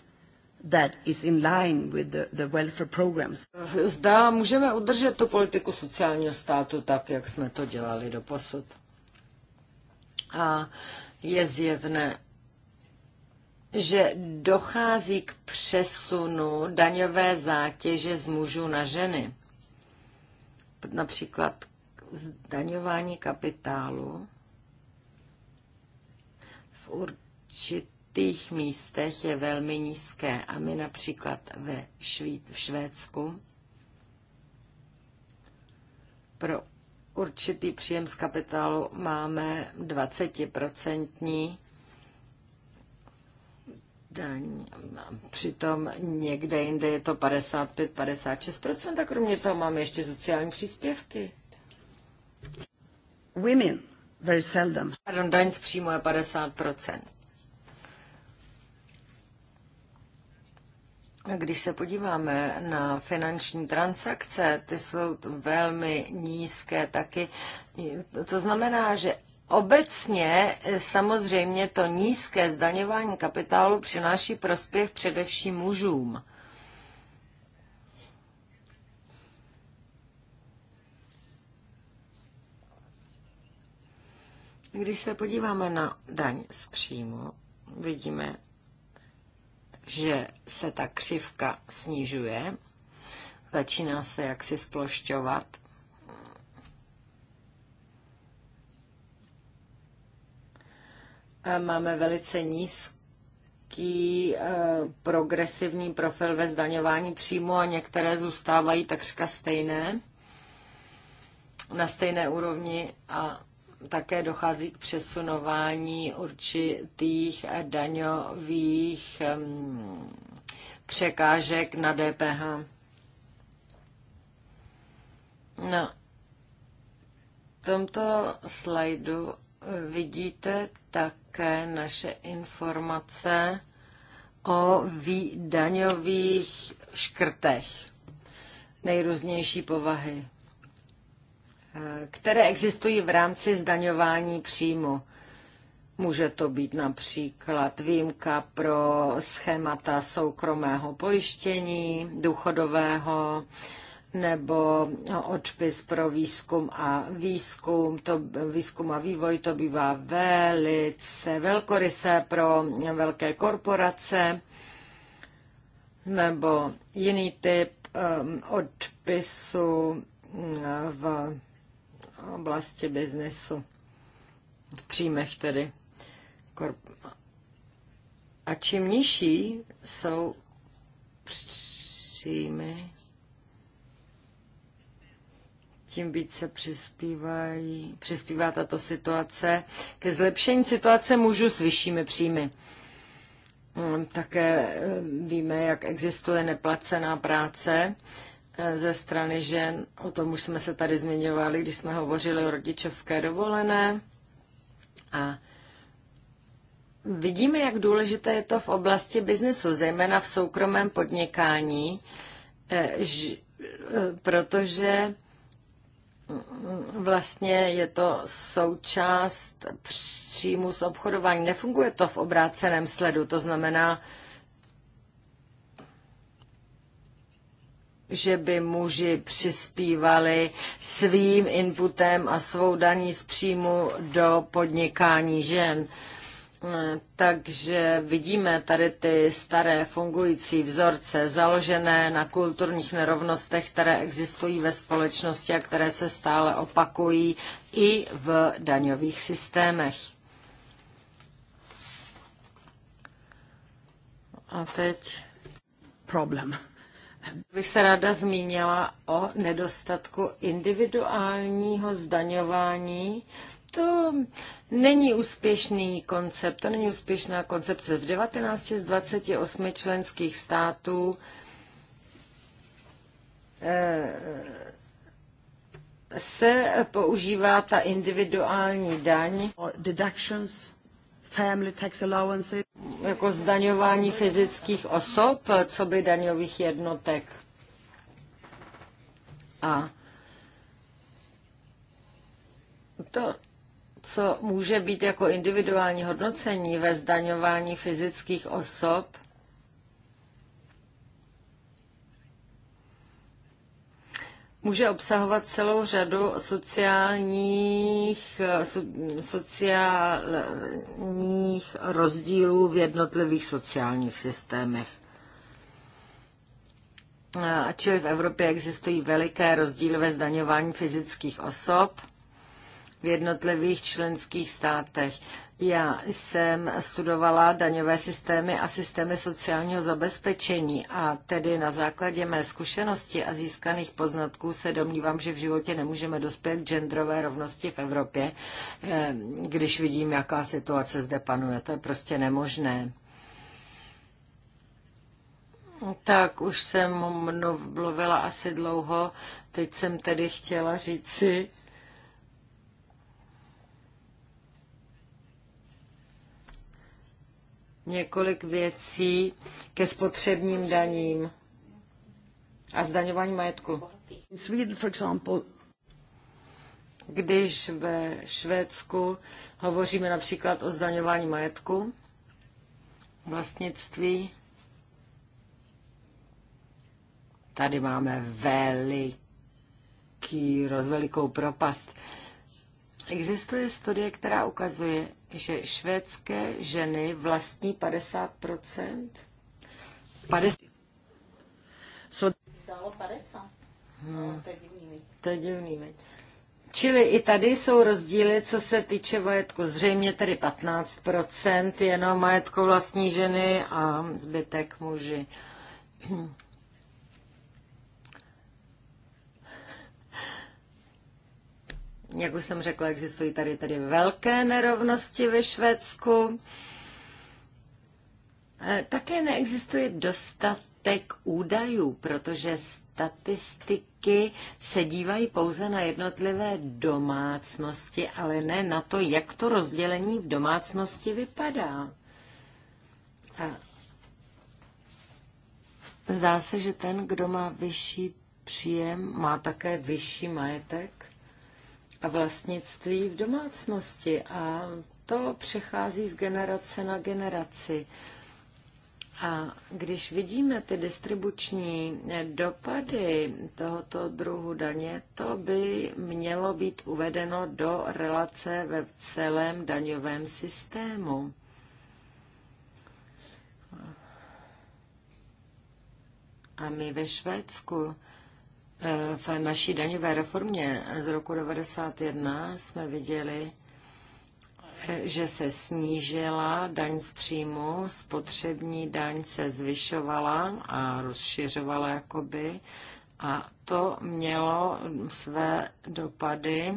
Speaker 3: that is in line with the, the welfare programs. Zda můžeme udržet tu politiku sociálního státu tak, jak jsme to dělali do posud. A je zjevné, že dochází k přesunu daňové zátěže z mužů na ženy. Například zdaňování kapitálu v určitých místech je velmi nízké a my například ve Švíd, v Švédsku pro určitý příjem z kapitálu máme 20% daň. Přitom někde jinde je to 55-56%, a kromě toho máme ještě sociální příspěvky. Women very seldom. Pardon, daň z příjmu je 50%. Když se podíváme na finanční transakce, ty jsou velmi nízké taky. To znamená, že obecně samozřejmě to nízké zdaňování kapitálu přináší prospěch především mužům. Když se podíváme na daň z příjmu, vidíme, že se ta křivka snižuje, začíná se jaksi splošťovat. Máme velice nízký eh, progresivní profil ve zdaňování příjmu a některé zůstávají takřka stejné, na stejné úrovni a také dochází k přesunování určitých daňových překážek na DPH. Na no, tomto slajdu vidíte také naše informace o daňových škrtech nejrůznější povahy. Eh, které existují v rámci zdaňování příjmu. Může to být například výjimka pro schémata soukromého pojištění, důchodového, nebo odpis pro výzkum a výzkum, to, výzkum a vývoj, to bývá velice velkorysé pro velké korporace, nebo jiný typ um, odpisu eh, v oblasti biznesu, v příjmech tedy. A čím nižší jsou příjmy, tím více přispívají, přispívá tato situace ke zlepšení situace mužů s vyššími příjmy. Hm, také hm, víme, jak existuje neplacená práce Eh, ze strany žen, o tom už jsme se tady zmiňovali, když jsme hovořili o rodičovské dovolené. A vidíme, jak důležité je to v oblasti biznesu, zejména v soukromém podnikání, eh, eh, protože vlastně je to součást příjmu z obchodování. Nefunguje to v obráceném sledu, to znamená, že by muži přispívali svým inputem a svou daní z příjmu do podnikání žen. Takže vidíme tady ty staré fungující vzorce založené na kulturních nerovnostech, které existují ve společnosti a které se stále opakují i v daňových systémech. A teď problém bych se ráda zmínila o nedostatku individuálního zdaňování. To není úspěšný koncept, to není úspěšná koncepce. V 19 z 28 členských států eh, se používá ta individuální daň. Deductions, family tax allowances jako zdaňování fyzických osob, co by daňových jednotek. A to, co může být jako individuální hodnocení ve zdaňování fyzických osob, může obsahovat celou řadu sociálních, eh, sociálních rozdílů v jednotlivých sociálních systémech. Eh, čili v Evropě existují veliké rozdíly ve zdaňování fyzických osob v jednotlivých členských státech. Já jsem studovala daňové systémy a systémy sociálního zabezpečení a tedy na základě mé zkušenosti a získaných poznatků se domnívám, že v životě nemůžeme dospět k genderové rovnosti v Evropě, eh, když vidím, jaká situace zde panuje. To je prostě nemožné. Tak už jsem mluvila asi dlouho, teď jsem tedy chtěla říci, několik věcí ke spotřebním daním a zdaňování majetku. Když ve Švédsku hovoříme například o zdaňování majetku, vlastnictví, tady máme veliký, velikou propast. Existuje studie, která ukazuje, že švédské ženy vlastní 50 50 Co?
Speaker 1: Dalo 50. Hmm. No, to je divný.
Speaker 3: To je divný, veď. Čili i tady jsou rozdíly, co se týče majetku. Zřejmě tedy 15% jenom majetku vlastní ženy a zbytek muži. Jak už jsem řekla, existují tady tady velké nerovnosti ve Švédsku. E, také neexistuje dostatek údajů, protože statistiky se dívají pouze na jednotlivé domácnosti, ale ne na to, jak to rozdělení v domácnosti vypadá. A zdá se, že ten, kdo má vyšší příjem, má také vyšší majetek a vlastnictví v domácnosti a to přechází z generace na generaci. A když vidíme ty distribuční dopady tohoto druhu daně, to by mělo být uvedeno do relace ve celém daňovém systému. A my ve Švédsku v naší daňové reformě z roku 1991 jsme viděli, že se snížila daň z příjmu, spotřební daň se zvyšovala a rozšiřovala jakoby. A to mělo své dopady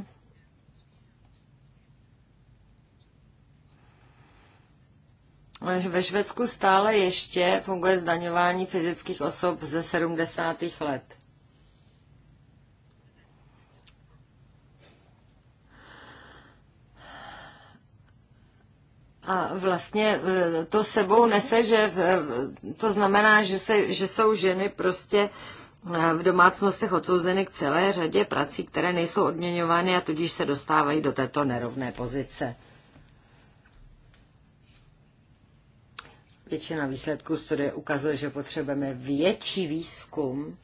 Speaker 3: Ve Švédsku stále ještě funguje zdaňování fyzických osob ze 70. let. A vlastně e, to sebou nese, že e, to znamená, že, se, že jsou ženy prostě e, v domácnostech odsouzeny k celé řadě prací, které nejsou odměňovány a tudíž se dostávají do této nerovné pozice. Většina výsledků studie ukazuje, že potřebujeme větší výzkum,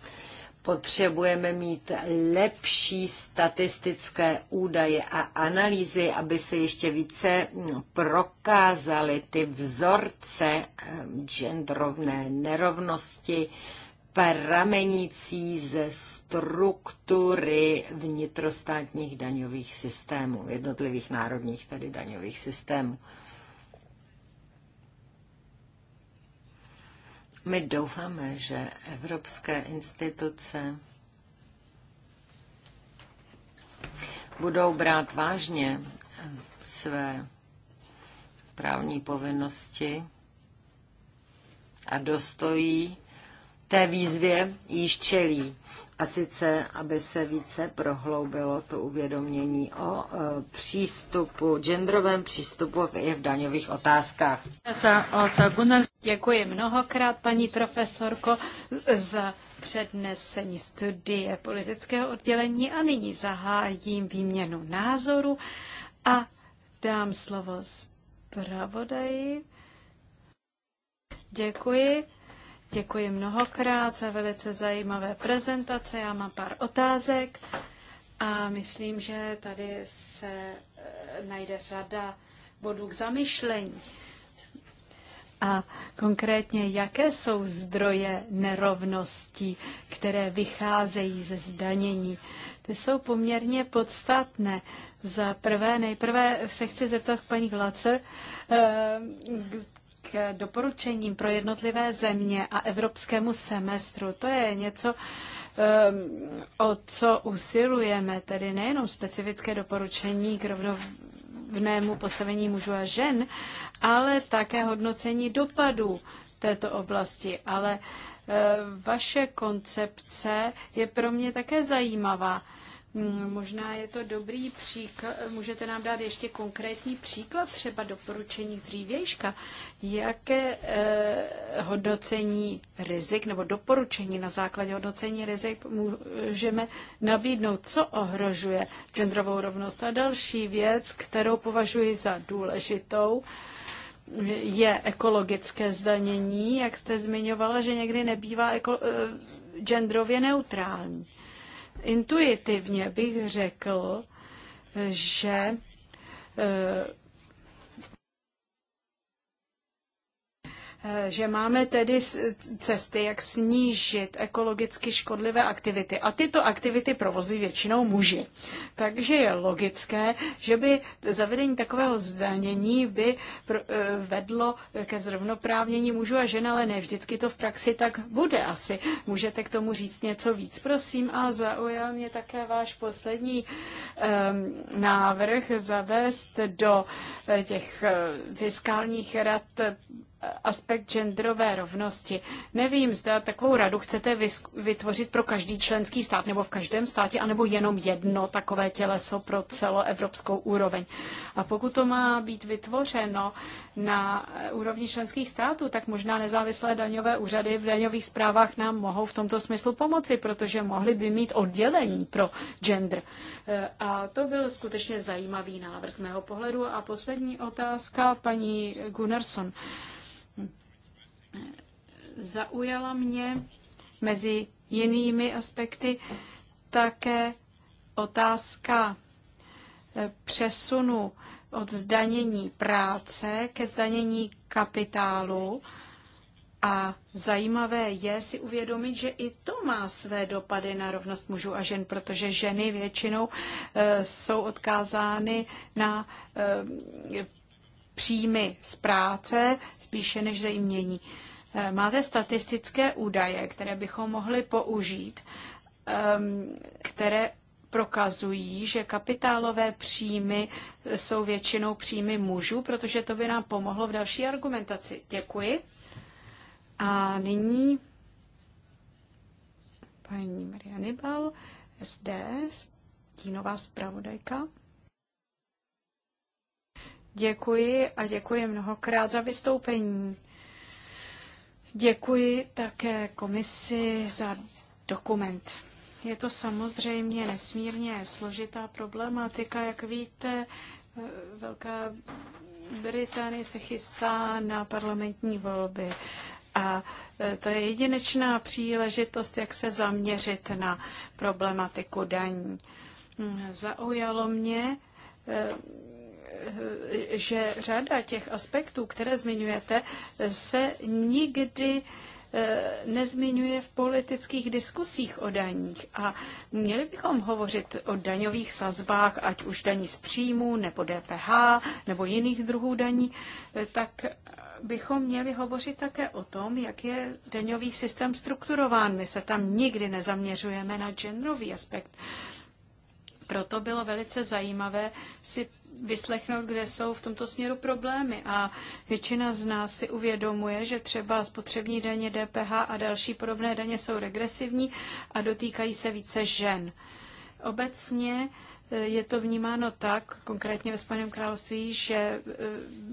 Speaker 3: Potřebujeme mít lepší statistické údaje a analýzy, aby se ještě více prokázaly ty vzorce eh, genderovné nerovnosti, pramenící ze struktury vnitrostátních daňových systémů, jednotlivých národních tedy daňových systémů. My doufáme, že evropské instituce budou brát vážně své právní povinnosti a dostojí té výzvě, již čelí a sice, aby se více prohloubilo to uvědomění o e, přístupu, genderovém přístupu i v daňových
Speaker 2: otázkách. Děkuji mnohokrát, paní profesorko, za přednesení studie politického oddělení a nyní zahájím výměnu názoru a dám slovo zpravodaji. Děkuji. Děkuji mnohokrát za velice zajímavé prezentace. Já mám pár otázek a myslím, že tady se eh, najde řada bodů k zamyšlení. A konkrétně, jaké jsou zdroje nerovností, které vycházejí ze zdanění? Ty jsou poměrně podstatné. Za prvé, nejprve se chci zeptat paní Glacer, eh, k doporučením pro jednotlivé země a evropskému semestru. To je něco, ehm, o co usilujeme, tedy nejenom specifické doporučení k rovnovnému postavení mužů a žen, ale také hodnocení dopadů této oblasti. Ale eh, vaše koncepce je pro mě také zajímavá. Mm, možná je to dobrý příklad, můžete nám dát ještě konkrétní příklad, třeba doporučení z dřívějška, jaké eh, hodnocení rizik nebo doporučení na základě hodnocení rizik můžeme nabídnout, co ohrožuje genderovou rovnost. A další věc, kterou považuji za důležitou, je ekologické zdanění, jak jste zmiňovala, že někdy nebývá eko- eh, genderově neutrální. Intuitivně bych řekl, že eh, Eh, že máme tedy cesty, jak snížit ekologicky škodlivé aktivity. A tyto aktivity provozují většinou muži. Takže je logické, že by zavedení takového zdanění by eh, vedlo ke zrovnoprávnění mužů a žen, ale ne vždycky to v praxi tak bude asi. Můžete k tomu říct něco víc, prosím. A zaujal mě také váš poslední um, návrh zavést do eh, těch fiskálních rad aspekt genderové rovnosti. Nevím, zda takovou radu chcete vytvořit pro každý členský stát nebo v každém státě, anebo jenom jedno takové těleso pro celoevropskou úroveň. A pokud to má být vytvořeno na úrovni členských států, tak možná nezávislé daňové úřady v daňových zprávách nám mohou v tomto smyslu pomoci, protože mohly by mít oddělení pro gender. E, a to byl skutečně zajímavý návrh z mého pohledu. A poslední otázka paní Gunnarsson. Zaujala mě mezi jinými aspekty také otázka eh, přesunu od zdanění práce ke zdanění kapitálu. A zajímavé je si uvědomit, že i to má své dopady na rovnost mužů a žen, protože ženy většinou eh, jsou odkázány na eh, příjmy z práce spíše než ze jmění. Máte statistické údaje, které bychom mohli použít, které prokazují, že kapitálové příjmy jsou většinou příjmy mužů, protože to by nám pomohlo v další argumentaci. Děkuji. A nyní paní Maria Nibal, SD, stínová zpravodajka. Děkuji a děkuji mnohokrát za vystoupení. Děkuji také komisi za dokument. Je to samozřejmě nesmírně složitá problematika, jak víte. Velká Británie se chystá na parlamentní volby a to je jedinečná příležitost, jak se zaměřit na problematiku daní. Zaujalo mě že řada těch aspektů, které zmiňujete, se nikdy eh, nezmiňuje v politických diskusích o daních. A měli bychom hovořit o daňových sazbách, ať už daní z příjmu, nebo DPH, nebo jiných druhů daní, eh, tak bychom měli hovořit také o tom, jak je daňový systém strukturován. My se tam nikdy nezaměřujeme na genderový aspekt. Proto bylo velice zajímavé si vyslechnout, kde jsou v tomto směru problémy. A většina z nás si uvědomuje, že třeba spotřební daně, DPH a další podobné daně jsou regresivní a dotýkají se více žen. Obecně je to vnímáno tak, konkrétně ve Spojeném království, že eh,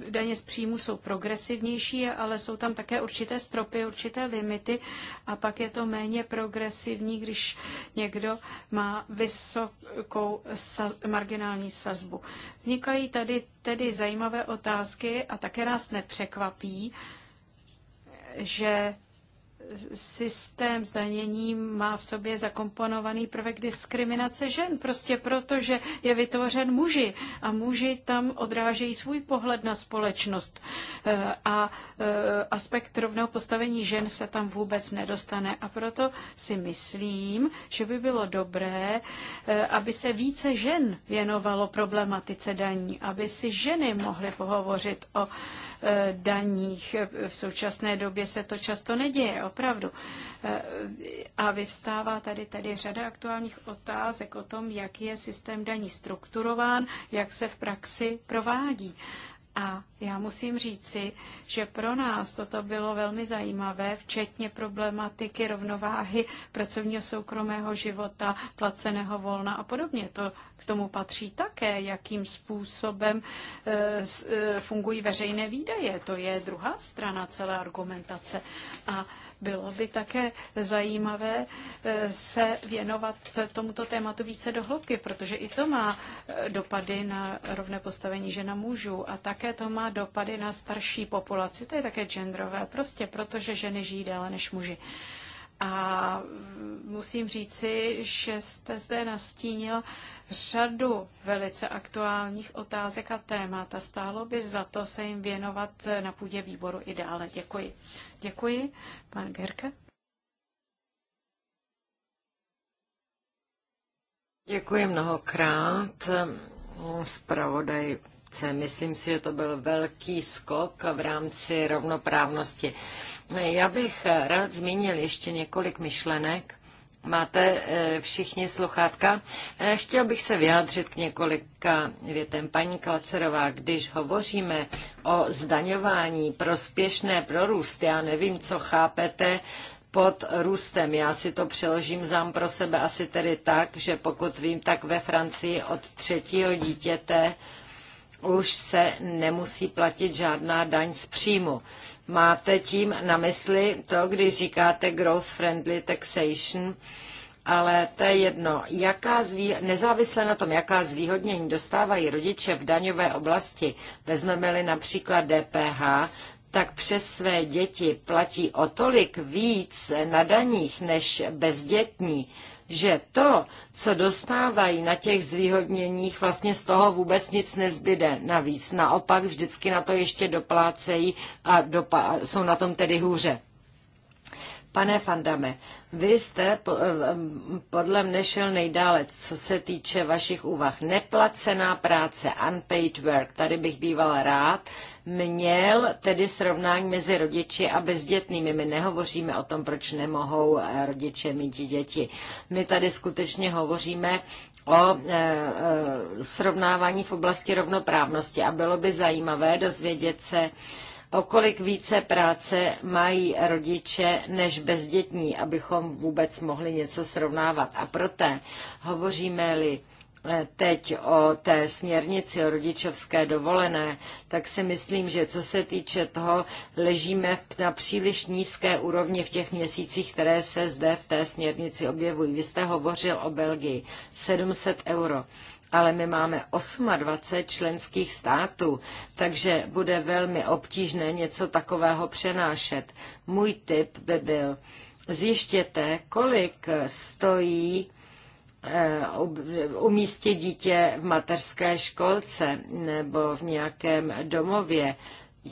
Speaker 2: daně z příjmu jsou progresivnější, ale jsou tam také určité stropy, určité limity a pak je to méně progresivní, když někdo má vysokou marginální sazbu. Vznikají tady tedy zajímavé otázky a také nás nepřekvapí, že systém zdanění má v sobě zakomponovaný prvek diskriminace žen, prostě proto, že je vytvořen muži a muži tam odrážejí svůj pohled na společnost eh, a eh, aspekt rovného postavení žen se tam vůbec nedostane a proto si myslím, že by bylo dobré, eh, aby se více žen věnovalo problematice daní, aby si ženy mohly pohovořit o Eh, daních. V současné době se to často neděje, opravdu. Eh, a vyvstává tady tady řada aktuálních otázek o tom, jak je systém daní strukturován, jak se v praxi provádí. A já musím říci, že pro nás toto bylo velmi zajímavé, včetně problematiky rovnováhy pracovního soukromého života, placeného volna a podobně. To k tomu patří také, jakým způsobem e, e, fungují veřejné výdaje. To je druhá strana celé argumentace. A bylo by také zajímavé eh, se věnovat tomuto tématu více dohloubky, protože i to má eh, dopady na rovné postavení žen a mužů a také to má dopady na starší populaci. To je také genderové, prostě protože ženy žijí déle než muži. A mm, musím říci, že jste zde nastínil řadu velice aktuálních otázek a témat a stálo by za to se jim věnovat na půdě výboru i dále. Děkuji. Děkuji. Pan Gerke.
Speaker 3: Děkuji mnohokrát. Spravodaj mm, Myslím si, že to byl velký skok v rámci rovnoprávnosti. Já bych rád zmínil ještě několik myšlenek, Máte eh, všichni sluchátka? Eh, chtěl bych se vyjádřit k několika větem. Paní Klacerová, když hovoříme o zdaňování prospěšné pro růst, já nevím, co chápete pod růstem. Já si to přeložím zám pro sebe asi tedy tak, že pokud vím, tak ve Francii od třetího dítěte už se nemusí platit žádná daň z příjmu máte tím na mysli to, když říkáte growth friendly taxation, ale to je jedno. Jaká zví, Nezávisle na tom, jaká zvýhodnění dostávají rodiče v daňové oblasti, vezmeme-li například DPH, tak přes své děti platí o tolik víc na daních než bezdětní že to, co dostávají na těch zvýhodněních, vlastně z toho vůbec nic nezbyde. Navíc naopak vždycky na to ještě doplácejí a dopa- jsou na tom tedy hůře. Pane Fandame, vy jste eh, podle mne šel nejdále, co se týče vašich úvah. Neplacená práce, unpaid work, tady bych býval rád, měl tedy srovnání mezi rodiči a bezdětnými. My nehovoříme o tom, proč nemohou eh, rodiče mít děti. My tady skutečně hovoříme o eh, srovnávání v oblasti rovnoprávnosti a bylo by zajímavé dozvědět se, o kolik více práce mají rodiče než bezdětní, abychom vůbec mohli něco srovnávat. A proto hovoříme-li eh, teď o té směrnici o rodičovské dovolené, tak si myslím, že co se týče toho, ležíme na příliš nízké úrovni v těch měsících, které se zde v té směrnici objevují. Vy jste hovořil o Belgii. 700 euro ale my máme 28 členských států, takže bude velmi obtížné něco takového přenášet. Můj tip by byl, zjištěte, kolik stojí eh, umístit dítě v mateřské školce nebo v nějakém domově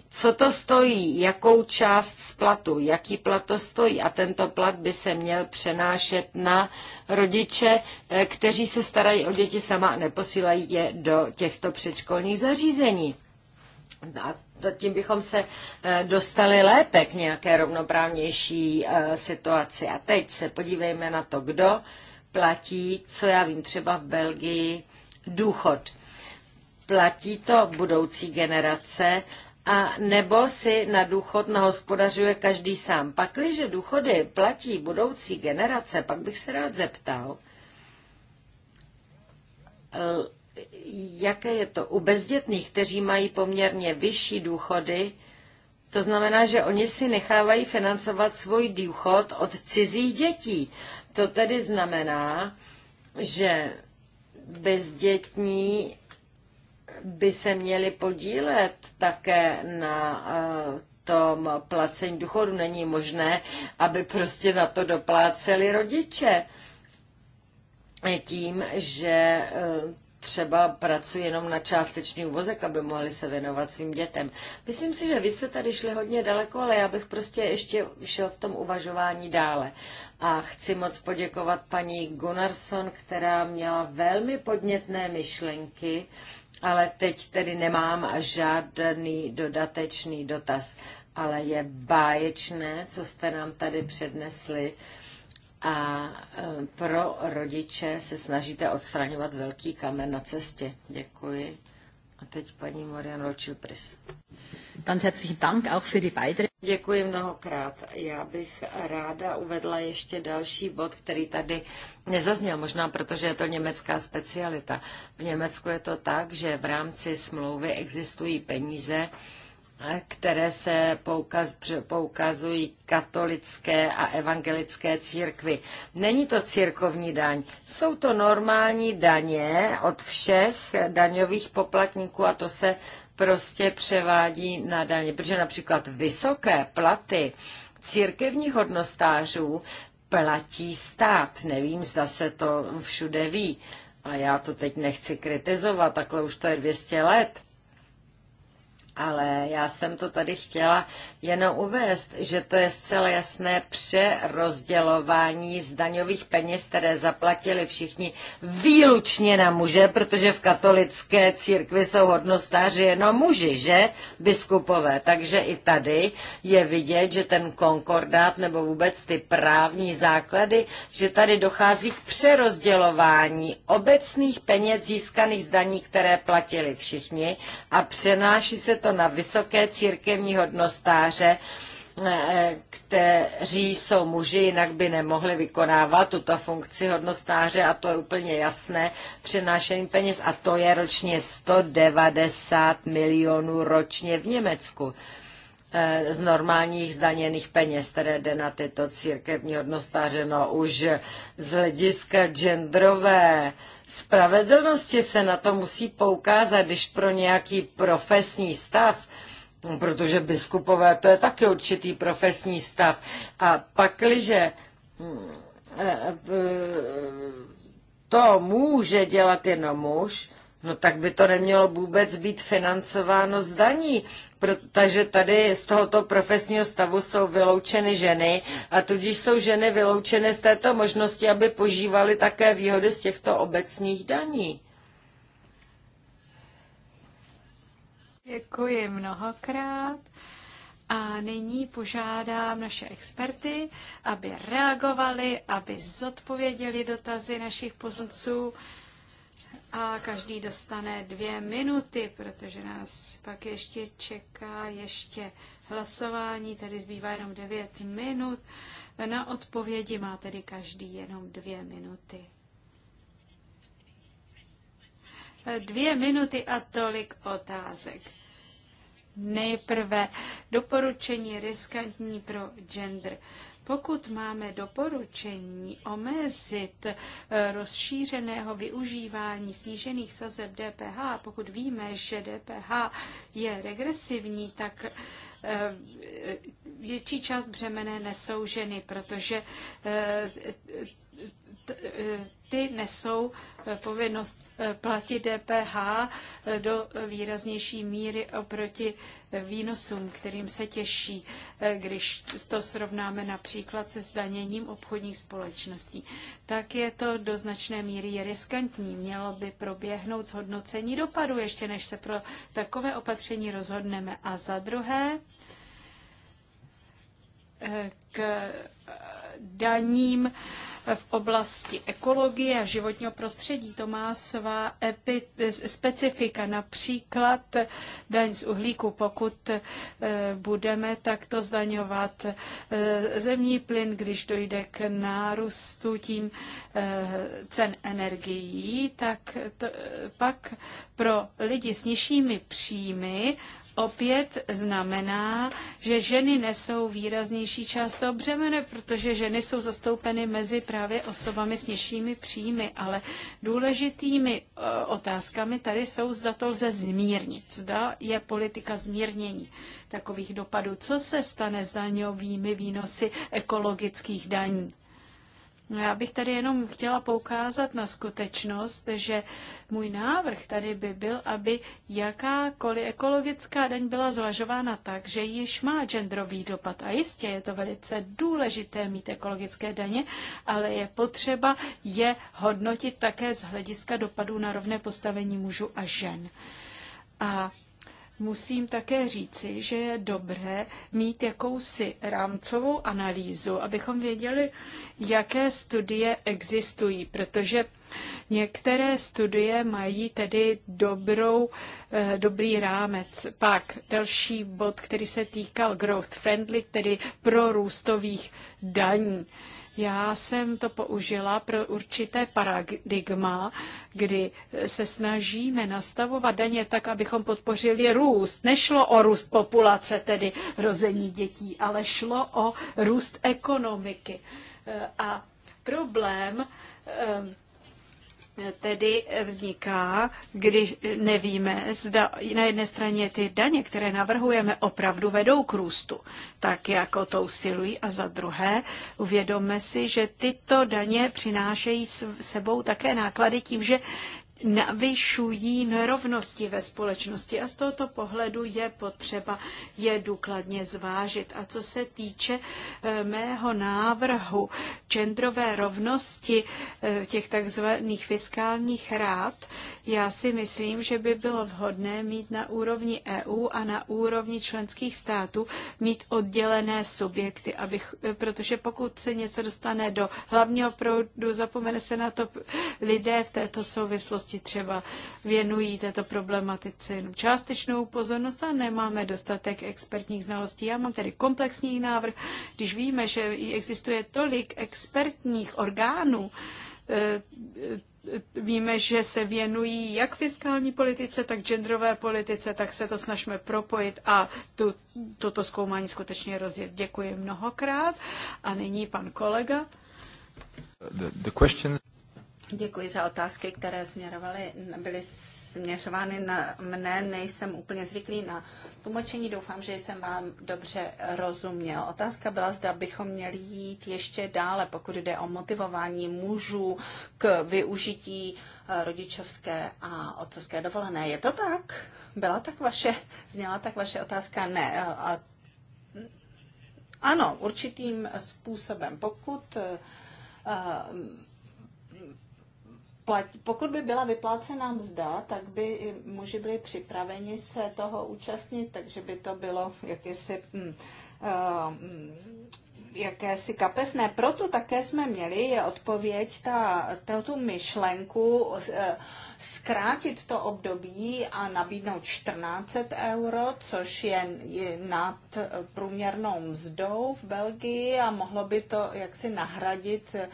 Speaker 3: co to stojí, jakou část z platu, jaký plat to stojí. A tento plat by se měl přenášet na rodiče, eh, kteří se starají o děti sama a neposílají je do těchto předškolních zařízení. A tím bychom se eh, dostali lépe k nějaké rovnoprávnější eh, situaci. A teď se podívejme na to, kdo platí, co já vím, třeba v Belgii, důchod. Platí to budoucí generace a nebo si na důchod nahospodařuje každý sám. Pakliže důchody platí budoucí generace, pak bych se rád zeptal, eh, jaké je to u bezdětných, kteří mají poměrně vyšší důchody, to znamená, že oni si nechávají financovat svůj důchod od cizích dětí. To tedy znamená, že bezdětní by se měli podílet také na eh, tom placení důchodu. Není možné, aby prostě na to dopláceli rodiče tím, že eh, třeba pracují jenom na částečný úvozek, aby mohli se věnovat svým dětem. Myslím si, že vy jste tady šli hodně daleko, ale já bych prostě ještě šel v tom uvažování dále. A chci moc poděkovat paní Gunnarsson, která měla velmi podnětné myšlenky ale teď tedy nemám žádný dodatečný dotaz, ale je báječné, co jste nám tady přednesli a e, pro rodiče se snažíte odstraňovat velký kamen na cestě. Děkuji. A teď paní Marian Ročil-Pris. Ganz herzlichen Dank auch für die Beiträge. Děkuji mnohokrát. Já bych ráda uvedla ještě další bod, který tady nezazněl, možná protože je to německá specialita. V Německu je to tak, že v rámci smlouvy existují peníze, které se poukaz, poukazují katolické a evangelické církvy. Není to církovní daň, jsou to normální daně od všech daňových poplatníků a to se prostě převádí na daně. Protože například vysoké platy církevních hodnostářů platí stát. Nevím, zda se to všude ví. A já to teď nechci kritizovat, takhle už to je 200 let ale já jsem to tady chtěla jenom uvést, že to je zcela jasné přerozdělování z daňových peněz, které zaplatili všichni výlučně na muže, protože v katolické církvi jsou hodnostáři jenom muži, že? Biskupové. Takže i tady je vidět, že ten konkordát nebo vůbec ty právní základy, že tady dochází k přerozdělování obecných peněz získaných z daní, které platili všichni a přenáší se to na vysoké církevní hodnostáře, eh, kteří jsou muži, jinak by nemohli vykonávat tuto funkci hodnostáře a to je úplně jasné přenášení peněz a to je ročně 190 milionů ročně v Německu z normálních zdaněných peněz, které jde na tyto církevní odnostáře. No už z hlediska genderové spravedlnosti se na to musí poukázat, když pro nějaký profesní stav protože biskupové to je taky určitý profesní stav. A pakliže mm, eh, to může dělat jenom muž, no tak by to nemělo vůbec být financováno z daní, protože tady z tohoto profesního stavu jsou vyloučeny ženy a tudíž jsou ženy vyloučeny z této možnosti, aby požívaly také výhody z těchto obecních daní.
Speaker 2: Děkuji mnohokrát. A nyní požádám naše experty, aby reagovali, aby zodpověděli dotazy našich poslanců a každý dostane dvě minuty, protože nás pak ještě čeká ještě hlasování, tedy zbývá jenom devět minut. Na odpovědi má tedy každý jenom dvě minuty. Dvě minuty a tolik otázek. Nejprve doporučení riskantní pro gender. Pokud máme doporučení omezit eh, rozšířeného využívání snížených sazeb DPH, a pokud víme, že DPH je regresivní, tak eh, větší část břemene nesou ženy, protože eh, ty nesou povinnost platit DPH do výraznější míry oproti výnosům, kterým se těší, když to srovnáme například se zdaněním obchodních společností. Tak je to do značné míry riskantní. Mělo by proběhnout zhodnocení dopadu, ještě než se pro takové opatření rozhodneme. A za druhé, eh, k daním v oblasti ekologie a životního prostředí. To má svá epi, specifika, například daň z uhlíku. Pokud eh, budeme takto zdaňovat eh, zemní plyn, když dojde k nárůstu tím eh, cen energií, tak to, pak pro lidi s nižšími příjmy opět znamená, že ženy nesou výraznější část toho břemene, protože ženy jsou zastoupeny mezi právě osobami s nižšími příjmy, ale důležitými eh, otázkami tady jsou, zda to lze zmírnit, zda je politika zmírnění takových dopadů. Co se stane s daňovými výnosy ekologických daní? Já bych tady jenom chtěla poukázat na skutečnost, že můj návrh tady by byl, aby jakákoliv ekologická daň byla zvažována tak, že již má genderový dopad. A jistě je to velice důležité mít ekologické daně, ale je potřeba je hodnotit také z hlediska dopadů na rovné postavení mužů a žen. A musím také říci, že je dobré mít jakousi rámcovou analýzu, abychom věděli, jaké studie existují, protože Některé studie mají tedy dobrou, eh, dobrý rámec. Pak další bod, který se týkal growth friendly, tedy pro růstových daní. Já jsem to použila pro určité paradigma, kdy se snažíme nastavovat daně tak, abychom podpořili růst. Nešlo o růst populace, tedy rození dětí, ale šlo o růst ekonomiky. Eh, a problém eh, tedy vzniká, když nevíme, zda na jedné straně ty daně, které navrhujeme, opravdu vedou k růstu, tak jako to usilují, a za druhé uvědomme si, že tyto daně přinášejí s sebou také náklady tím, že navyšují nerovnosti ve společnosti a z tohoto pohledu je potřeba je důkladně zvážit. A co se týče eh, mého návrhu genderové rovnosti eh, těch takzvaných fiskálních rád, já si myslím, že by bylo vhodné mít na úrovni EU a na úrovni členských států mít oddělené subjekty, abych, protože pokud se něco dostane do hlavního proudu, zapomene se na to lidé v této souvislosti třeba věnují této problematice jenom částečnou pozornost a nemáme dostatek expertních znalostí. Já mám tedy komplexní návrh, když víme, že existuje tolik expertních orgánů, eh, Víme, že se věnují jak fiskální politice, tak genderové politice, tak se to snažíme propojit a tu, toto zkoumání skutečně rozjet. Děkuji mnohokrát. A nyní pan kolega.
Speaker 1: The, the question... Děkuji za otázky, které směrovaly, byly směřovány na mne. Nejsem úplně zvyklý na tlumočení. Doufám, že jsem vám dobře rozuměl. Otázka byla, zda bychom měli jít ještě dále, pokud jde o motivování mužů k využití eh, rodičovské a otcovské dovolené. Je to tak? Byla tak vaše, zněla tak vaše otázka? Ne. Eh, a, ano, určitým způsobem. Pokud eh, platí, pokud by byla vyplácena mzda, tak by i muži byli připraveni se toho účastnit, takže by to bylo jakési hm, jakési kapesné. Proto také jsme měli je odpověď ta, ta, tu myšlenku eh, zkrátit to období a nabídnout 14 euro, což je, je nad eh, průměrnou mzdou v Belgii a mohlo by to jaksi nahradit eh,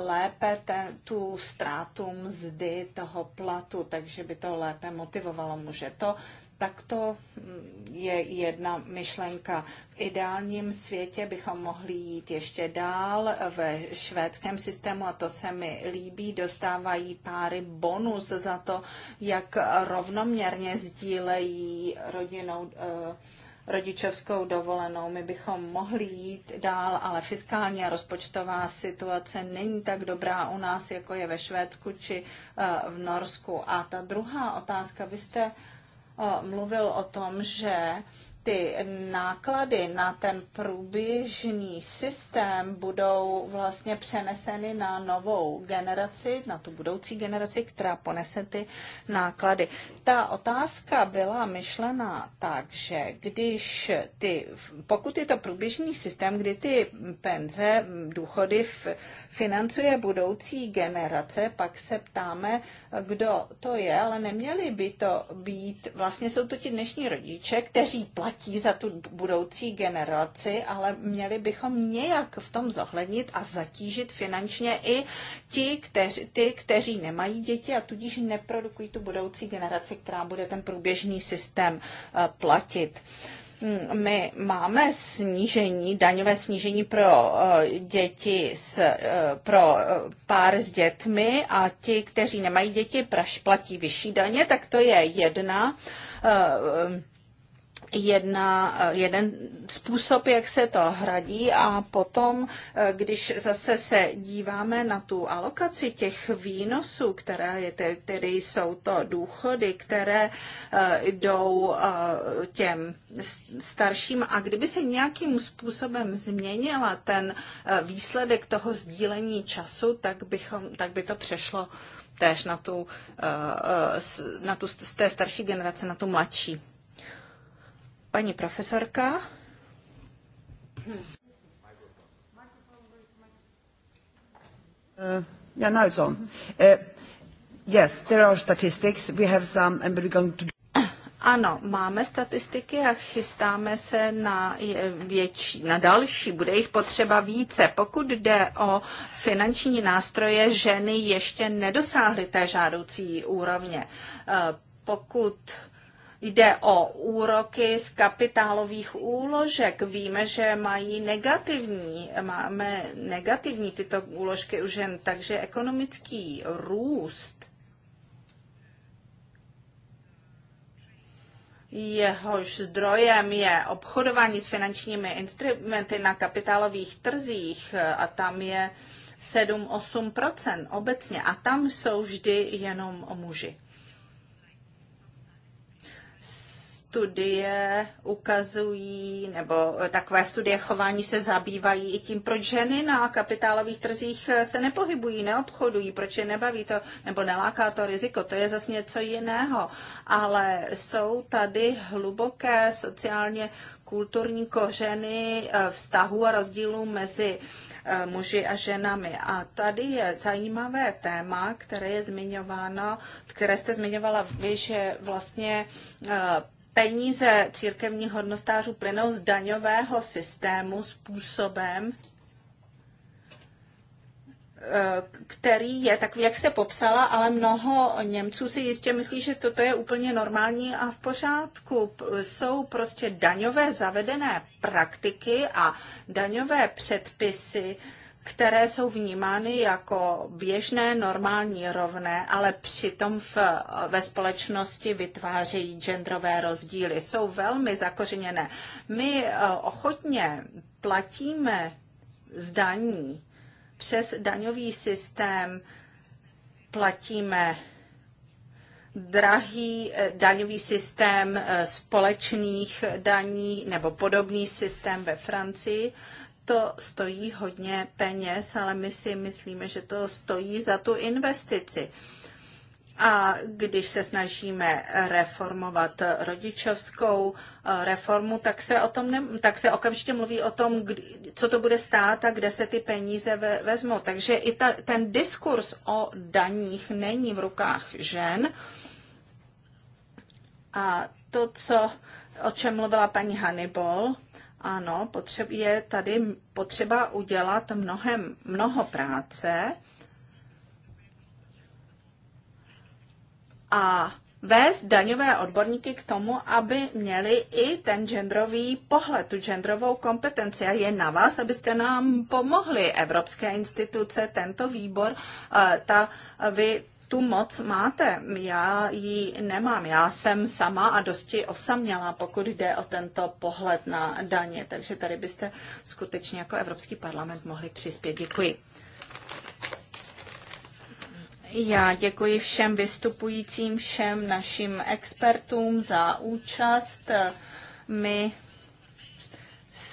Speaker 1: lépe ten, tu ztrátu mzdy toho platu, takže by to lépe motivovalo muže. To takto je jedna myšlenka. V ideálním světě bychom mohli jít ještě dál ve švédském systému, a to se mi líbí, dostávají páry bonus za to, jak rovnoměrně sdílejí rodinou eh, rodičovskou dovolenou. My bychom mohli jít dál, ale fiskálně rozpočtová situace není tak dobrá u nás, jako je ve Švédsku či eh, v Norsku. A ta druhá otázka, vy jste uh, mluvil o tom, že ty náklady na ten průběžný systém budou vlastně přeneseny na novou generaci, na tu budoucí generaci, která ponese ty náklady. Ta otázka byla myšlená tak, že když ty, pokud je to průběžný systém, kdy ty penze, důchody financuje budoucí generace, pak se ptáme, kdo to je, ale neměli by to být, vlastně jsou to ti dnešní rodiče, kteří platí platí za tu budoucí generaci, ale měli bychom nějak v tom zohlednit a zatížit finančně i ti, kteři, ty, kteří nemají děti a tudíž neprodukují tu budoucí generaci, která bude ten průběžný systém eh, platit hmm, my máme snížení, daňové snížení pro eh, děti, s, eh, pro pár s dětmi a ti, kteří nemají děti, praš platí vyšší daně, tak to je jedna jedna, eh, jeden způsob, jak se to hradí a potom, eh, když zase se díváme na tu alokaci těch výnosů, které, je, které jsou to důchody, které eh, jdou těm starším a kdyby se nějakým způsobem změnila ten výsledek toho sdílení času, tak, bychom, tak by to přešlo též na tu, na tu z té starší generace na tu mladší. Paní profesorka. Uh, eh, yeah, now it's on. Uh, eh, yes, there are statistics.
Speaker 3: We have some, and we're going to.
Speaker 1: Ano, máme statistiky a chystáme se na, větší, na další, bude jich potřeba více. Pokud jde o finanční nástroje, ženy ještě nedosáhly té žádoucí úrovně. Eh, pokud Jde o úroky z kapitálových úložek. Víme, že mají negativní, máme negativní tyto úložky už jen, takže ekonomický růst jehož zdrojem je obchodování s finančními instrumenty na kapitálových trzích a tam je 7-8 obecně a tam jsou vždy jenom muži. studie ukazují, nebo eh, takové studie chování se zabývají i tím, proč ženy na kapitálových trzích eh, se nepohybují, neobchodují, proč je nebaví to, nebo neláká to riziko. To je zase něco jiného. Ale jsou tady hluboké sociálně kulturní kořeny eh, vztahu a rozdílů mezi muži a ženami. A tady je zajímavé téma, které je zmiňováno, které jste zmiňovala vy, že vlastně peníze církevních hodnostářů plynou z daňového systému způsobem, eh, který je takový, jak jste popsala, ale mnoho Němců si jistě myslí, že toto je úplně normální a v pořádku. Jsou prostě daňové zavedené praktiky a daňové předpisy, které jsou vnímány jako běžné, normální, rovné, ale přitom v, ve společnosti vytvářejí genderové rozdíly. Jsou velmi zakořeněné. My eh, ochotně platíme zdaní přes daňový systém, platíme drahý eh, daňový systém eh, společných daní nebo podobný systém ve Francii, to stojí hodně peněz, ale my si myslíme, že to stojí za tu investici. A když se snažíme reformovat rodičovskou eh, reformu, tak se, o tom ne, tak se okamžitě mluví o tom, kdy, co to bude stát a kde se ty peníze ve, vezmou. Takže i ta, ten diskurs o daních není v rukách žen. A to, co, o čem mluvila paní Hannibal, ano, potřeb, je tady potřeba udělat mnohem, mnoho práce a vést daňové odborníky k tomu, aby měli i ten genderový pohled, tu genderovou kompetenci. A je na vás, abyste nám pomohli, evropské instituce, tento výbor, eh, ta, vy tu moc máte. Já ji nemám. Já jsem sama a dosti osamělá, pokud jde o tento pohled na daně. Takže tady byste skutečně jako Evropský parlament mohli přispět. Děkuji. Já děkuji všem vystupujícím, všem našim expertům za účast. My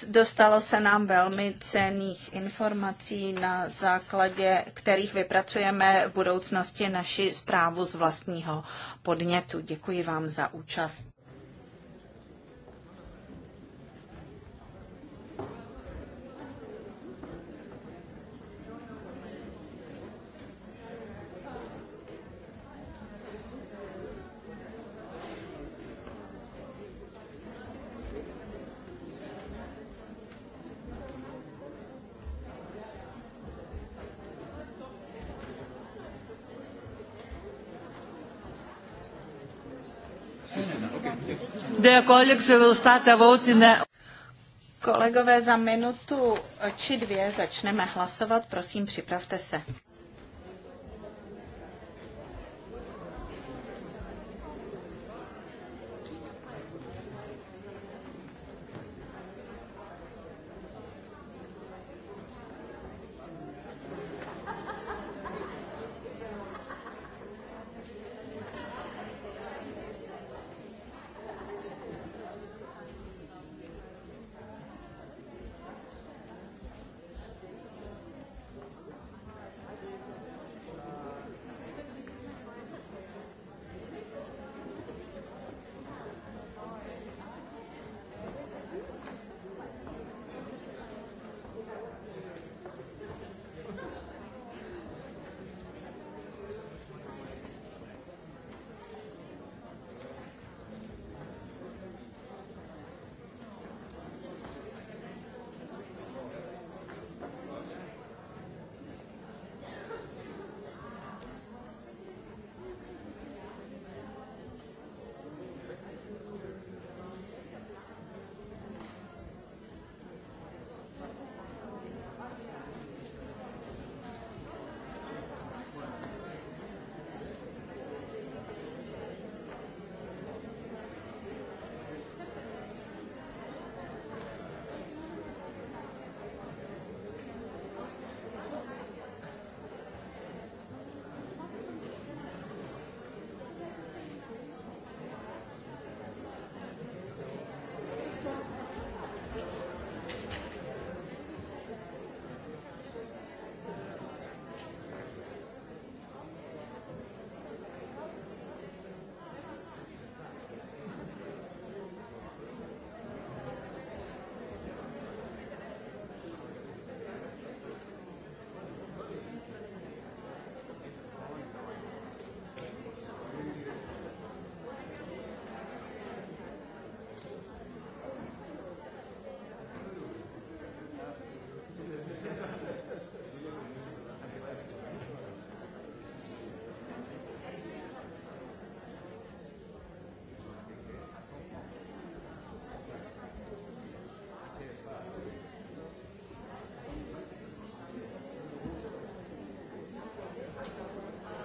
Speaker 1: Dostalo se nám velmi cených informací, na základě kterých vypracujeme v budoucnosti naši zprávu z vlastního podnětu. Děkuji vám za účast. dear colleagues, we will start a vote in Kolegové, za minutu či dvě začneme hlasovat. Prosím, připravte se.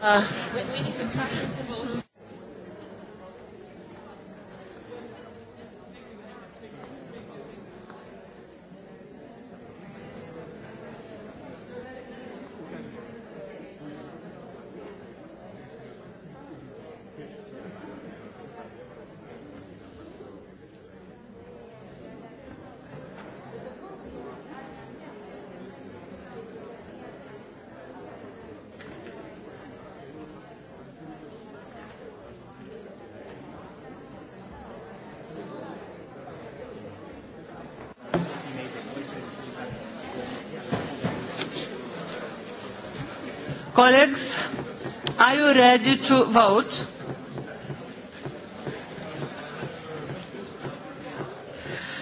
Speaker 1: Uh, colleagues, are you ready to vote?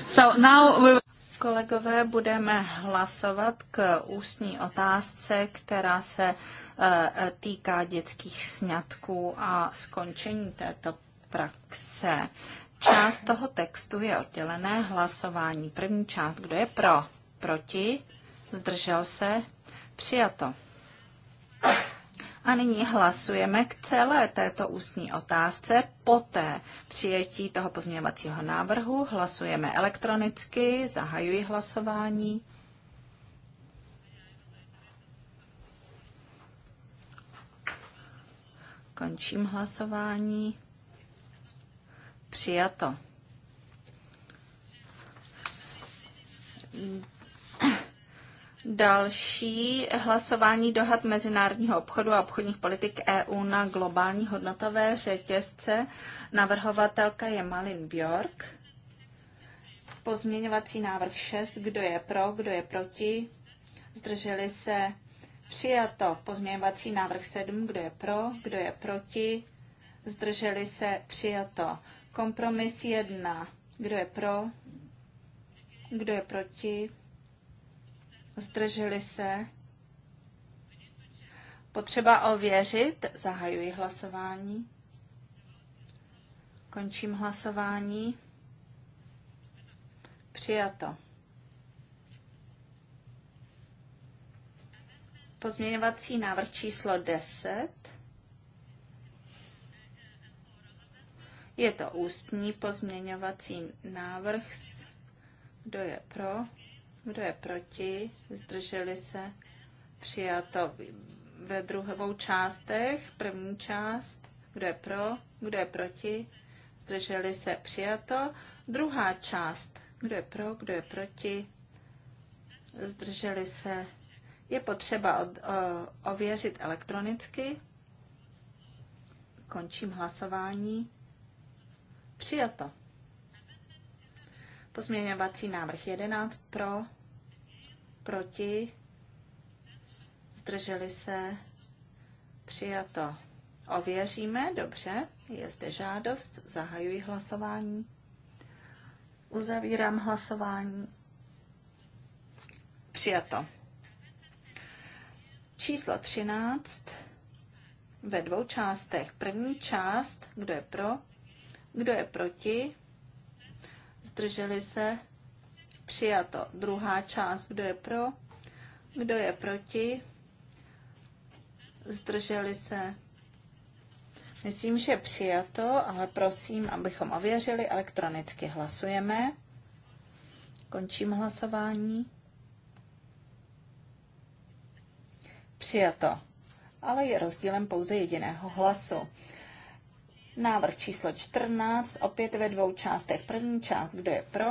Speaker 1: So now we... Kolegové, budeme hlasovat k ústní otázce, která se eh, týká dětských sňatků a skončení této praxe. Část toho textu je oddělené hlasování. První část, kdo je pro, proti, zdržel se, přijato. A nyní hlasujeme k celé této ústní otázce. Poté přijetí toho pozměňovacího návrhu hlasujeme elektronicky, zahajuji hlasování. Končím hlasování. Přijato Další hlasování dohad mezinárodního obchodu a obchodních politik EU na globální hodnotové řetězce. Navrhovatelka je Malin Bjork. Pozměňovací návrh 6. Kdo je pro, kdo je proti? Zdrželi se Přijato pozměňovací návrh 7, kdo je pro, kdo je proti, zdrželi se, přijato. Kompromis 1, kdo je pro, kdo je proti, zdrželi se. Potřeba ověřit, zahajuji hlasování. Končím hlasování. Přijato. Pozměňovací návrh číslo 10. Je to ústní pozměňovací návrh. Kdo je pro? Kdo je proti? Zdrželi se? Přijato ve druhou částech. První část. Kdo je pro? Kdo je proti? Zdrželi se? Přijato. Druhá část. Kdo je pro? Kdo je proti? Zdrželi se? Je potřeba od, o, ověřit elektronicky. Končím hlasování. Přijato. Pozměňovací návrh 11 pro, proti, zdrželi se, přijato. Ověříme, dobře, je zde žádost, zahajuji hlasování, uzavírám hlasování, přijato. Číslo 13 ve dvou částech. První část, kdo je pro, kdo je proti, zdrželi se, přijato. Druhá část, kdo je pro, kdo je proti, zdrželi se. Myslím, že přijato, ale prosím, abychom ověřili, elektronicky hlasujeme. Končím hlasování. Přijato, ale je rozdílem pouze jediného hlasu. Návrh číslo 14, opět ve dvou částech. První část, kdo je pro,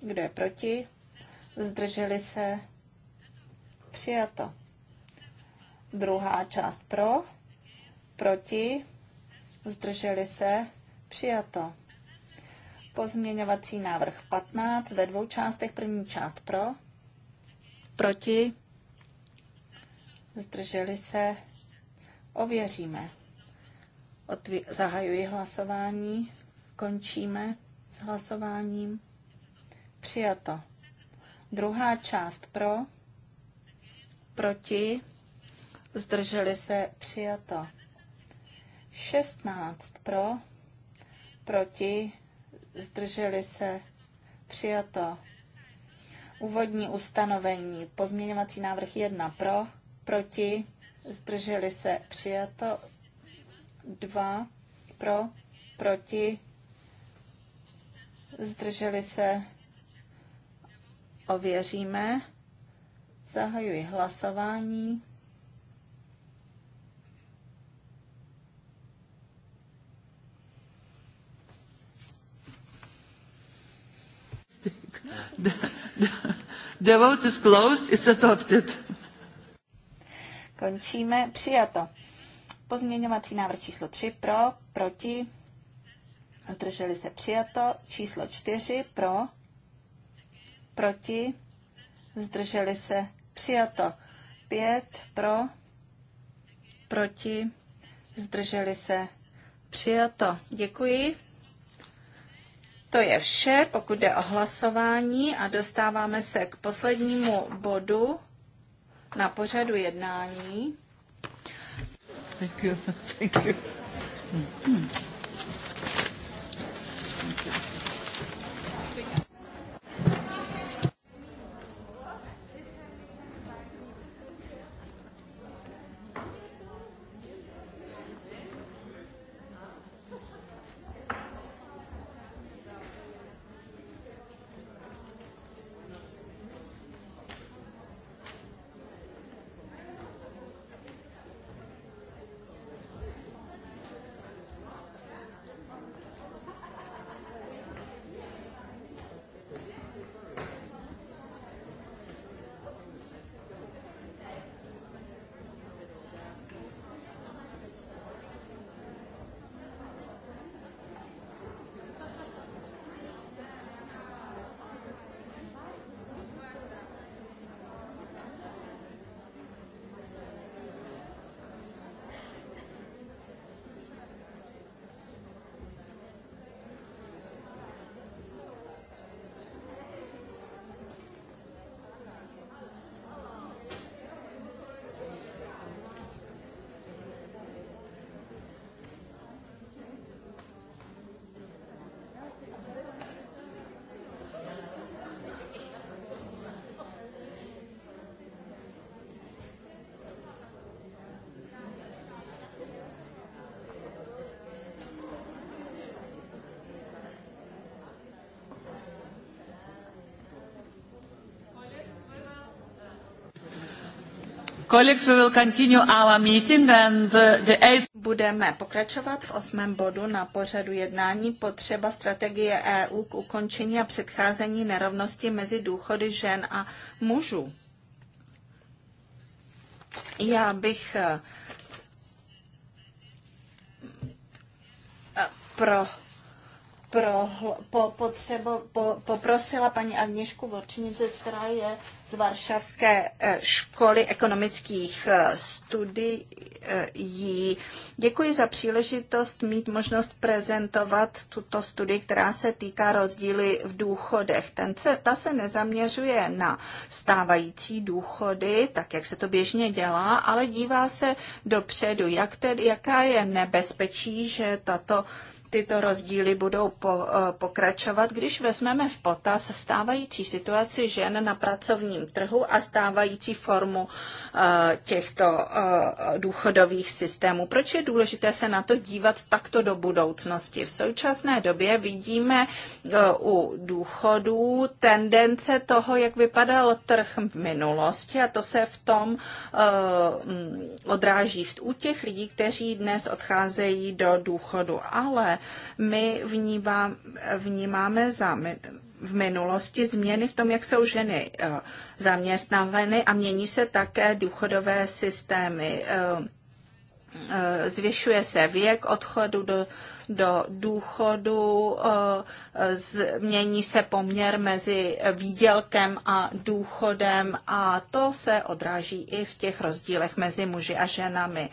Speaker 1: kdo je proti, zdrželi se, přijato. Druhá část pro, proti, zdrželi se, přijato. Pozměňovací návrh 15 ve dvou částech. První část pro, proti, zdrželi se, ověříme. Otví, zahajuji hlasování. Končíme s hlasováním. Přijato. Druhá část pro, proti, zdrželi se, přijato. 16 pro, proti, zdrželi se, přijato. Úvodní ustanovení, pozměňovací návrh 1 pro, proti, zdrželi se, přijato. 2 pro, proti, zdrželi se, ověříme. Zahajuji hlasování.
Speaker 3: The, the, the vote is closed, it's adopted.
Speaker 1: Končíme, přijato. Pozměňovací návrh číslo 3 pro, proti, zdrželi se přijato. Číslo 4 pro, proti, zdrželi se přijato. 5 pro, proti, zdrželi se přijato. Děkuji. To je vše, pokud jde o hlasování a dostáváme se k poslednímu bodu na pořadu jednání. Thank you. Budeme pokračovat v osmém bodu na pořadu jednání potřeba strategie EU k ukončení a předcházení nerovnosti mezi důchody žen a mužů. Já bych eh, eh, pro pro, po, potřebo, po, poprosila paní Agněšku Vorčnice, která je z Varšavské eh, školy ekonomických eh, studií. Eh, Děkuji za příležitost mít možnost prezentovat tuto studii, která se týká rozdíly v důchodech. Ten se, ta se nezaměřuje na stávající důchody, tak jak se to běžně dělá, ale dívá se dopředu, jak tedy, jaká je nebezpečí, že tato uh, tyto rozdíly budou po, eh, pokračovat, když vezmeme v potaz stávající situaci žen na pracovním trhu a stávající formu eh, těchto eh, důchodových systémů. Proč je důležité se na to dívat takto do budoucnosti? V současné době vidíme u důchodů tendence toho, jak vypadal trh v minulosti a to se v tom odráží u těch lidí, kteří dnes odcházejí do důchodu. Ale my vnímá, vnímáme za v minulosti změny v tom, jak jsou ženy eh, zaměstnaveny a mění se také důchodové systémy. Eh, eh, zvyšuje se věk odchodu do do důchodu, eh, změní se poměr mezi výdělkem a důchodem a to se odráží i v těch rozdílech mezi muži a ženami.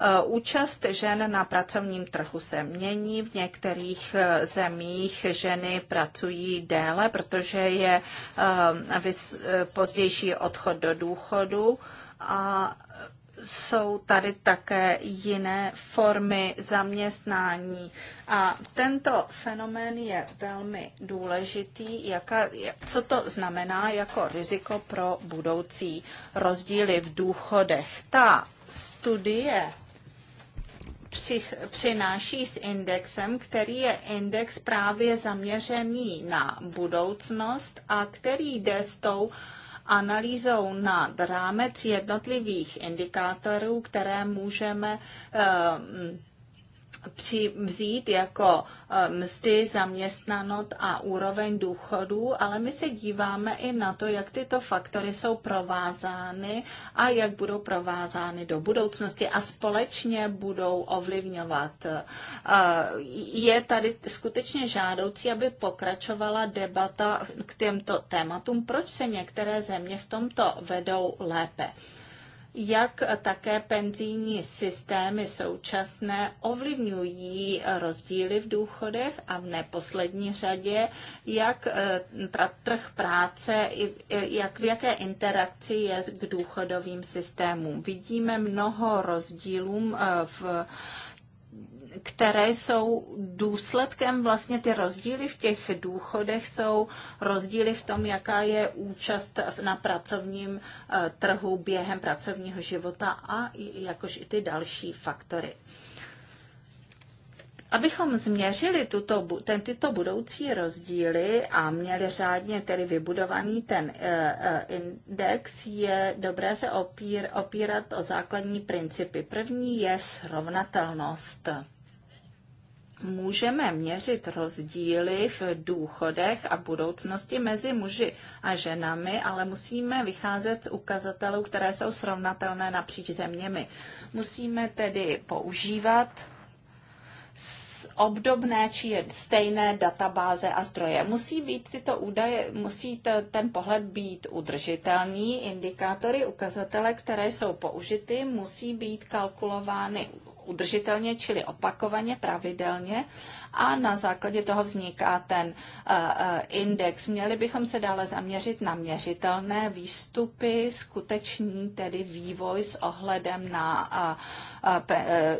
Speaker 1: Eh, účast žen na pracovním trhu se mění. V některých eh, zemích ženy pracují déle, protože je pozdější odchod do důchodu a jsou tady také jiné formy zaměstnání. A tento fenomén je velmi důležitý. Jaka, co to znamená jako riziko pro budoucí rozdíly v důchodech? Ta studie při, přináší s indexem, který je index právě zaměřený na budoucnost a který jde s tou analýzou nad rámec jednotlivých indikátorů, které můžeme eh, při, vzít jako eh, mzdy, zaměstnanost a úroveň důchodů, ale my se díváme i na to, jak tyto faktory jsou provázány a jak budou provázány do budoucnosti a společně budou ovlivňovat. Eh, je tady skutečně žádoucí, aby pokračovala debata k těmto tématům, proč se některé země v tomto vedou lépe jak také penzijní systémy současné ovlivňují rozdíly v důchodech a v neposlední řadě, jak eh, trh práce, jak v jaké interakci je k důchodovým systémům. Vidíme mnoho rozdílů eh, v které jsou důsledkem, vlastně ty rozdíly v těch důchodech jsou rozdíly v tom, jaká je účast na pracovním eh, trhu během pracovního života a jakož i ty další faktory. Abychom změřili tuto, ten, tyto budoucí rozdíly a měli řádně tedy vybudovaný ten eh, eh, index, je dobré se opír, opírat o základní principy. První je srovnatelnost můžeme měřit rozdíly v důchodech a budoucnosti mezi muži a ženami, ale musíme vycházet z ukazatelů, které jsou srovnatelné napříč zeměmi. Musíme tedy používat obdobné či stejné databáze a zdroje. Musí být tyto údaje, musí ten pohled být udržitelný. Indikátory, ukazatele, které jsou použity, musí být kalkulovány udržitelně, čili opakovaně, pravidelně a na základě toho vzniká ten eh, eh, index. Měli bychom se dále zaměřit na měřitelné výstupy, skutečný tedy vývoj s ohledem na eh,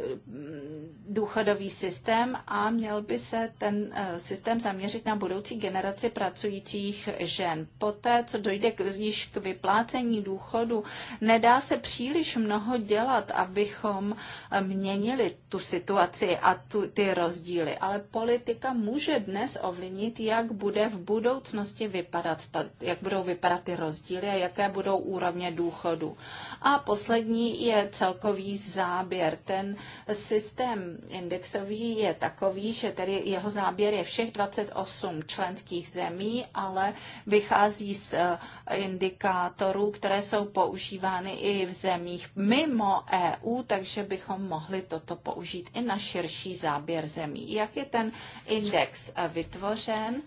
Speaker 1: důchodový systém a měl by se ten systém zaměřit na budoucí generaci pracujících žen. Poté, co dojde k, již k vyplácení důchodu, nedá se příliš mnoho dělat, abychom měnili tu situaci a tu, ty rozdíly. Ale politika může dnes ovlivnit, jak bude v budoucnosti vypadat, ta, jak budou vypadat ty rozdíly a jaké budou úrovně důchodu. A poslední je celkový záběr. Ten systém indexový je takový, že tedy jeho záběr je všech 28 členských zemí, ale vychází z eh, indikátorů, které jsou používány i v zemích mimo EU, takže bychom mohli toto použít i na širší záběr zemí. Jak je ten index eh, vytvořen.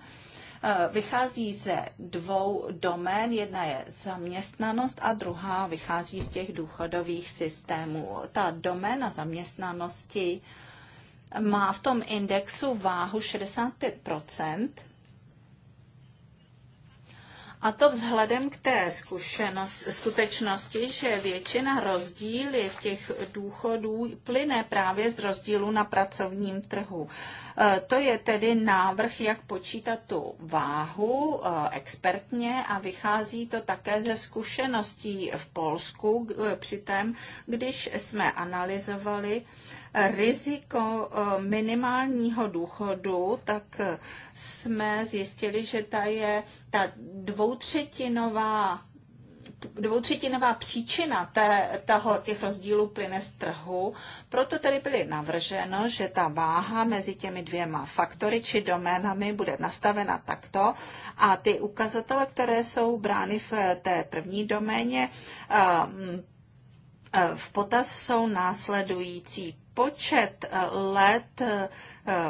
Speaker 1: Eh, vychází ze dvou domén. Jedna je zaměstnanost a druhá vychází z těch důchodových systémů. Ta doména zaměstnanosti má v tom indexu váhu 65 a to vzhledem k té zkušenost, skutečnosti, že většina rozdílů v těch důchodů plyne právě z rozdílu na pracovním trhu. E, to je tedy návrh, jak počítat tu váhu e, expertně a vychází to také ze zkušeností v Polsku e, při tém, když jsme analyzovali riziko eh, minimálního důchodu, tak jsme zjistili, že ta je ta dvoutřetinová dvoutřetinová příčina té, toho, těch rozdílů plyne z trhu. Proto tedy byly navrženo, že ta váha mezi těmi dvěma faktory či doménami bude nastavena takto a ty ukazatele, které jsou brány v té první doméně, eh, mm, eh, v potaz jsou následující počet let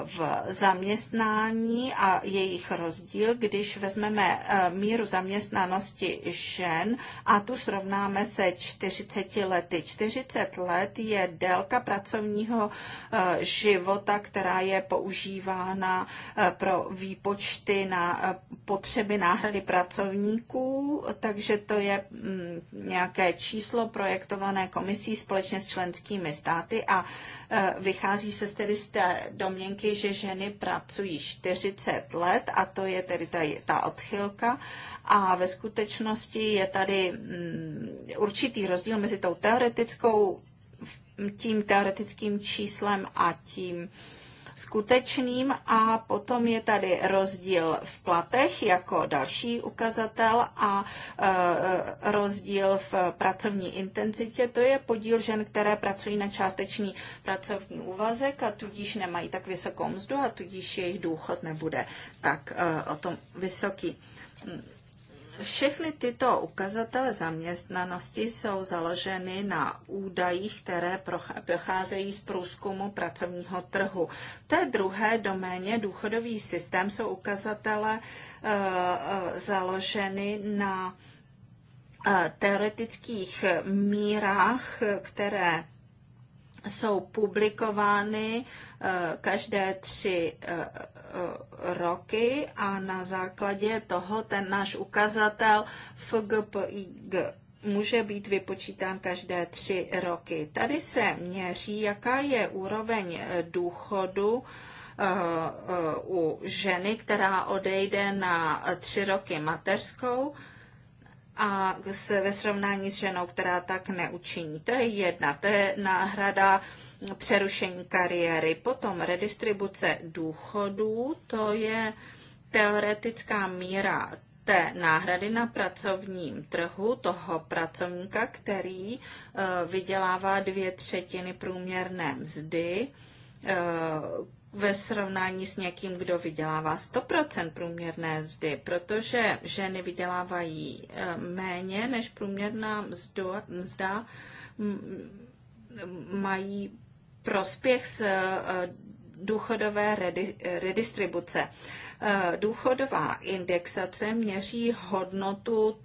Speaker 1: v zaměstnání a jejich rozdíl, když vezmeme eh, míru zaměstnanosti žen a tu srovnáme se 40 lety. 40 let je délka pracovního eh, života, která je používána eh, pro výpočty na potřeby náhrady pracovníků, takže to je mm, nějaké číslo projektované komisí společně s členskými státy a Eh, vychází se tedy z té domněnky, že ženy pracují 40 let a to je tedy ta, ta odchylka a ve skutečnosti je tady mm, určitý rozdíl mezi tou teoretickou tím teoretickým číslem a tím skutečným a potom je tady rozdíl v platech jako další ukazatel a e, e, rozdíl v pracovní intenzitě. To je podíl žen, které pracují na částečný pracovní úvazek a tudíž nemají tak vysokou mzdu a tudíž jejich důchod nebude tak e, o tom vysoký. Všechny tyto ukazatele zaměstnanosti jsou založeny na údajích, které procházejí z průzkumu pracovního trhu. V té druhé doméně důchodový systém jsou ukazatele eh, eh, založeny na eh, teoretických mírách, které jsou publikovány eh, každé tři eh, eh, roky a na základě toho ten náš ukazatel FGPIG může být vypočítán každé tři roky. Tady se měří, jaká je úroveň důchodu u ženy, která odejde na tři roky mateřskou a se ve srovnání s ženou, která tak neučiní. To je jedna, to je náhrada přerušení kariéry. Potom redistribuce důchodů, to je teoretická míra té náhrady na pracovním trhu toho pracovníka, který eh, vydělává dvě třetiny průměrné mzdy eh, ve srovnání s někým, kdo vydělává 100% průměrné mzdy, protože ženy vydělávají eh, méně než průměrná mzdo, mzda, mají prospěch z eh, důchodové redistribuce. Eh, důchodová indexace měří hodnotu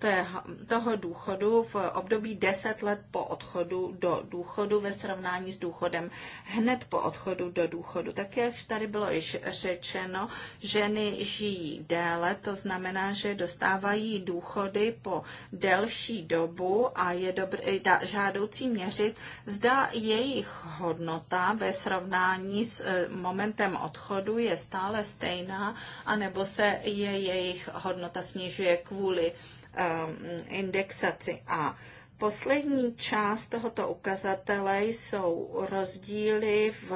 Speaker 1: toho důchodu v období 10 let po odchodu do důchodu ve srovnání s důchodem hned po odchodu do důchodu. Tak jak tady bylo již řečeno, ženy žijí déle, to znamená, že dostávají důchody po delší dobu a je dobrý, da, žádoucí měřit, zda jejich hodnota ve srovnání s eh, momentem odchodu je stále stejná anebo se je jejich hodnota snižuje kvůli um, indexaci. A poslední část tohoto ukazatele jsou rozdíly v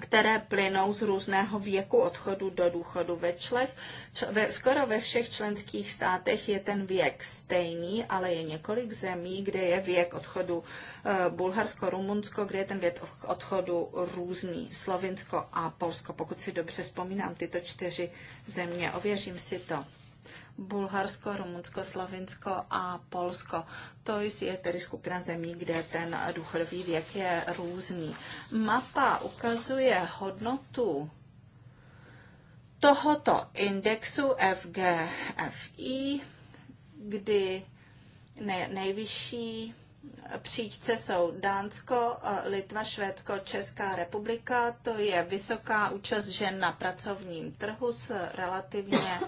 Speaker 1: které plynou z různého věku odchodu do důchodu. Ve, člech, ve skoro ve všech členských státech je ten věk stejný, ale je několik zemí, kde je věk odchodu e, Bulharsko, Rumunsko, kde je ten věk odchodu různý. Slovinsko a Polsko, pokud si dobře vzpomínám, tyto čtyři země. Ověřím si to. Bulharsko, Rumunsko, Slovinsko a Polsko. To je tedy skupina zemí, kde ten důchodový věk je různý. Mapa ukazuje hodnotu tohoto indexu FGFI, kdy nejvyšší příčce jsou Dánsko, Litva, Švédsko, Česká republika. To je vysoká účast žen na pracovním trhu s relativně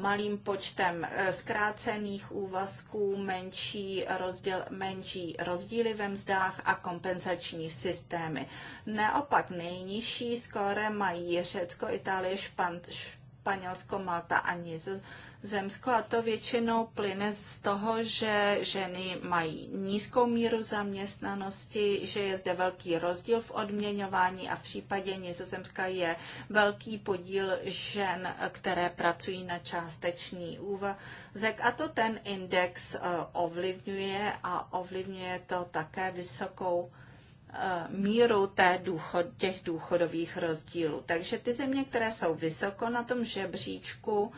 Speaker 1: malým počtem e, zkrácených úvazků, menší, rozděl, menší rozdíly ve mzdách a kompenzační systémy. Neopak, nejnižší skóre mají Řecko, Itálie, Španělsko, Malta a Nizozemí Zemsko a to většinou plyne z toho, že ženy mají nízkou míru zaměstnanosti, že je zde velký rozdíl v odměňování a v případě Nizozemska je velký podíl žen, které pracují na částečný úvazek a to ten index eh, ovlivňuje a ovlivňuje to také vysokou eh, míru té důchod, těch důchodových rozdílů. Takže ty země, které jsou vysoko na tom žebříčku,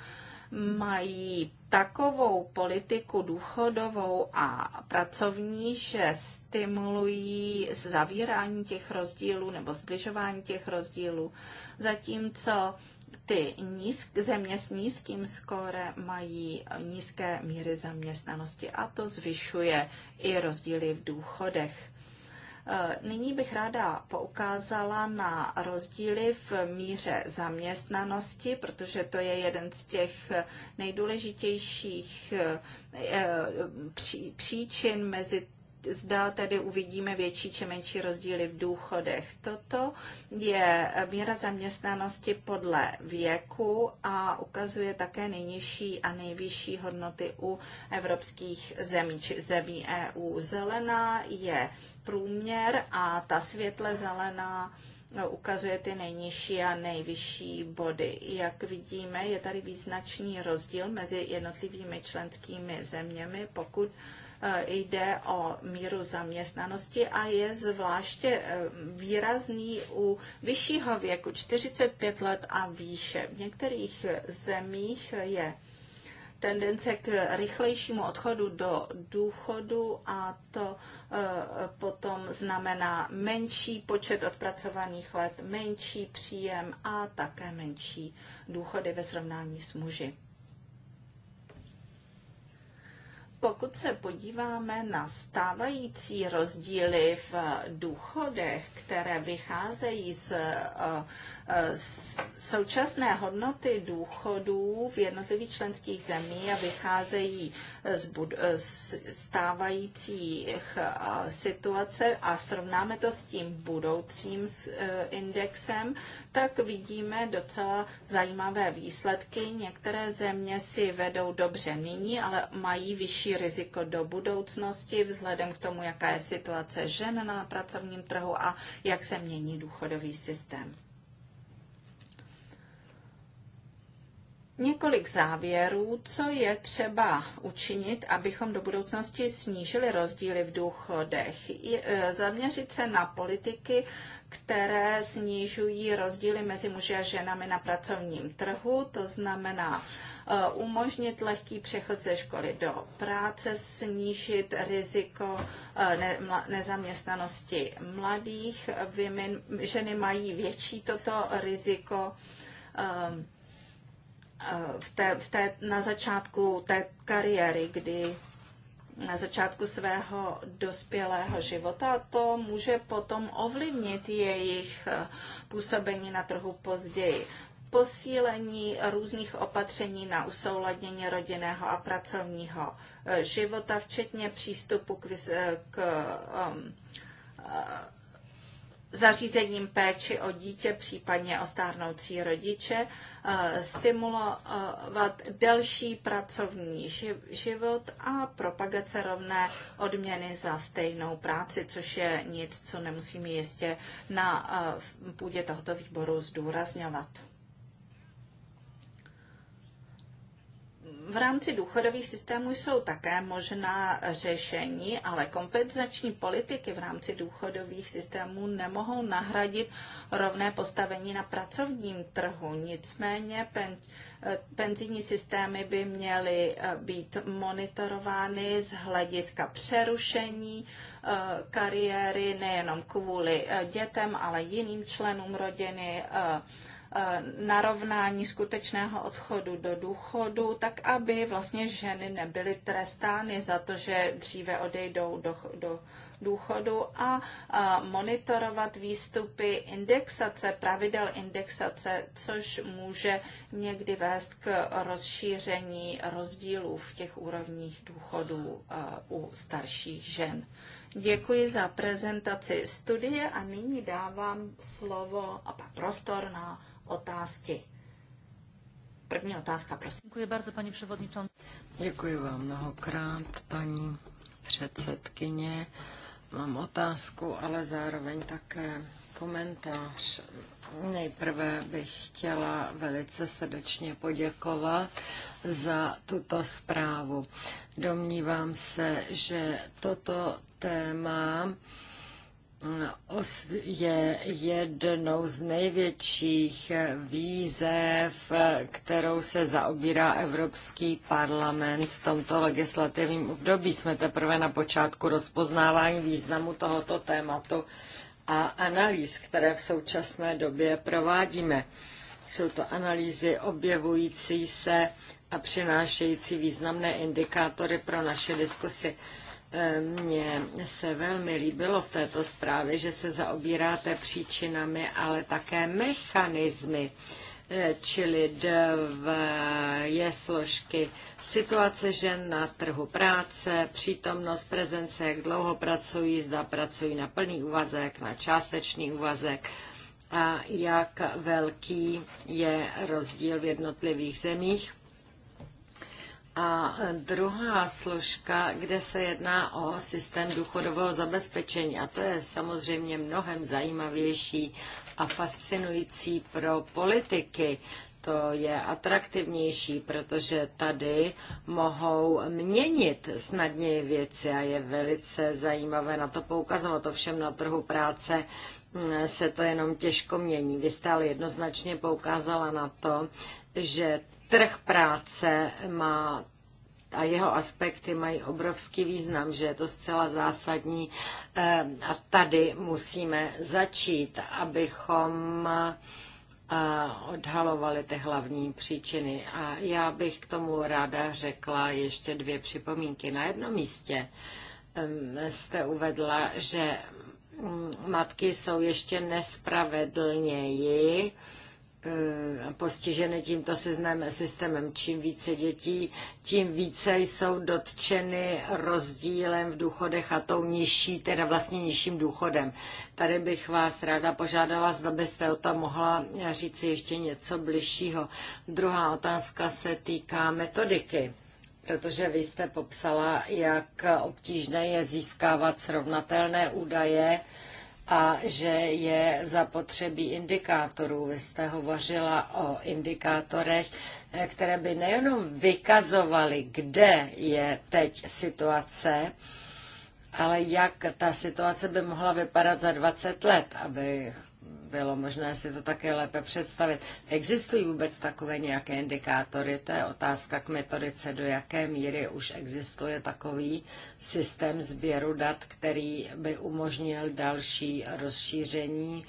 Speaker 1: mají takovou politiku důchodovou a pracovní, že stimulují zavírání těch rozdílů nebo zbližování těch rozdílů, zatímco ty nízk, země s nízkým skóre mají nízké míry zaměstnanosti a to zvyšuje i rozdíly v důchodech. Eh, nyní bych ráda poukázala na rozdíly v míře zaměstnanosti, protože to je jeden z těch nejdůležitějších eh, eh, příčin mezi zda tedy uvidíme větší či menší rozdíly v důchodech. Toto je míra zaměstnanosti podle věku a ukazuje také nejnižší a nejvyšší hodnoty u evropských zemí či zemí EU. Zelená je průměr a ta světle zelená ukazuje ty nejnižší a nejvyšší body. Jak vidíme, je tady význačný rozdíl mezi jednotlivými členskými zeměmi, pokud Eh, jde o míru zaměstnanosti a je zvláště eh, výrazný u vyššího věku 45 let a výše. V některých eh, zemích je tendence k rychlejšímu odchodu do důchodu a to potom znamená menší počet odpracovaných let, menší příjem a také menší důchody ve srovnání s muži. pokud se podíváme na stávající rozdíly v důchodech, které vycházejí z eh, Eh, současné hodnoty důchodů v jednotlivých členských zemí a vycházejí eh, z, bud- z eh, stávajících situace a srovnáme to s tím budoucím indexem, tak vidíme docela zajímavé výsledky. Některé země si vedou dobře nyní, ale mají vyšší riziko do budoucnosti vzhledem k tomu, jaká je situace žen na pracovním trhu a jak se mění důchodový systém. několik závěrů, co je třeba učinit, abychom do budoucnosti snížili rozdíly v důchodech. E, zaměřit se na politiky, které snižují rozdíly mezi muži a ženami na pracovním trhu, to znamená e, umožnit lehký přechod ze školy do práce, snížit riziko e, nezaměstnanosti mladých. Ženy mají větší toto riziko Eh, v té, v té, na začátku té kariéry, kdy na začátku svého dospělého života to může potom ovlivnit jejich eh, působení na trhu později. Posílení různých opatření na usouladnění rodinného a pracovního eh, života, včetně přístupu k, k um, zařízením péči o dítě, případně o stárnoucí rodiče, eh, stimulovat delší pracovní život a propagace rovné odměny za stejnou práci, což je nic, co nemusíme jistě na eh, půdě tohoto výboru zdůrazňovat. V rámci důchodových systémů jsou také možná řešení, ale kompenzační politiky v rámci důchodových systémů nemohou nahradit rovné postavení na pracovním trhu. Nicméně pen, penzijní systémy by měly eh, být monitorovány z hlediska přerušení eh, kariéry nejenom kvůli eh, dětem, ale jiným členům rodiny Eh, narovnání skutečného odchodu do důchodu, tak aby vlastně ženy nebyly trestány za to, že dříve odejdou do, do důchodu a, eh, monitorovat výstupy indexace, pravidel indexace, což může někdy vést k rozšíření rozdílů v těch úrovních důchodů eh, u starších žen. Děkuji za prezentaci studie a nyní dávám slovo a prostor na otázky. První otázka, prosím. Děkuji bardzo, paní převodničan.
Speaker 3: Děkuji vám mnohokrát, paní předsedkyně. Mám otázku, ale zároveň také komentář. Nejprve bych chtěla velice srdečně poděkovat za tuto zprávu. Domnívám se, že toto téma je jednou z největších výzev, kterou se zaobírá Evropský parlament v tomto legislativním období. Jsme teprve na počátku rozpoznávání významu tohoto tématu a analýz, které v současné době provádíme. Jsou to analýzy objevující se a přinášející významné indikátory pro naše diskusy. Mně se velmi líbilo v této zprávě, že se zaobíráte příčinami, ale také mechanismy, eh, čili dvě složky. Situace žen na trhu práce, přítomnost, prezence, jak dlouho pracují, zda pracují na plný úvazek, na částečný úvazek a jak velký je rozdíl v jednotlivých zemích a druhá složka, kde se jedná o systém důchodového zabezpečení, a to je samozřejmě mnohem zajímavější a fascinující pro politiky, to je atraktivnější, protože tady mohou měnit snadněji věci a je velice zajímavé na to poukazovat. Ovšem na trhu práce mm, se to jenom těžko mění. Vy jste ale jednoznačně poukázala na to, že Trh práce má a jeho aspekty mají obrovský význam, že je to zcela zásadní. Eh, a tady musíme začít, abychom eh, odhalovali ty hlavní příčiny. A já bych k tomu ráda řekla ještě dvě připomínky. Na jednom místě eh, jste uvedla, že mm, matky jsou ještě nespravedlněji Eh, postiženy tímto systémem. Čím více dětí, tím více jsou dotčeny rozdílem v důchodech a tou nižší, teda vlastně nižším důchodem. Tady bych vás ráda požádala, zda byste o tom mohla říci ještě něco bližšího. Druhá otázka se týká metodiky protože vy jste popsala, jak obtížné je získávat srovnatelné údaje a že je zapotřebí indikátorů. Vy jste hovořila o indikátorech, které by nejenom vykazovaly, kde je teď situace, ale jak ta situace by mohla vypadat za 20 let, aby bylo možné si to také lépe představit. Existují vůbec takové nějaké indikátory? To je otázka k metodice, do jaké míry už existuje takový systém sběru dat, který by umožnil další rozšíření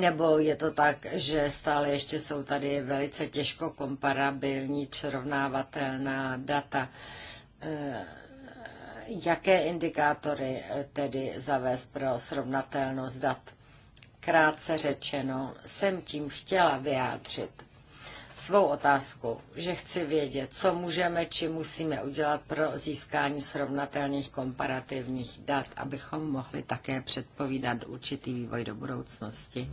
Speaker 3: nebo je to tak, že stále ještě jsou tady velice těžko komparabilní, čerovnávatelná data. Eh, Jaké indikátory eh, tedy zavést pro srovnatelnost dat? Krátce řečeno, jsem tím chtěla vyjádřit svou otázku, že chci vědět, co můžeme či musíme udělat pro získání srovnatelných komparativních dat, abychom mohli také předpovídat určitý vývoj do budoucnosti.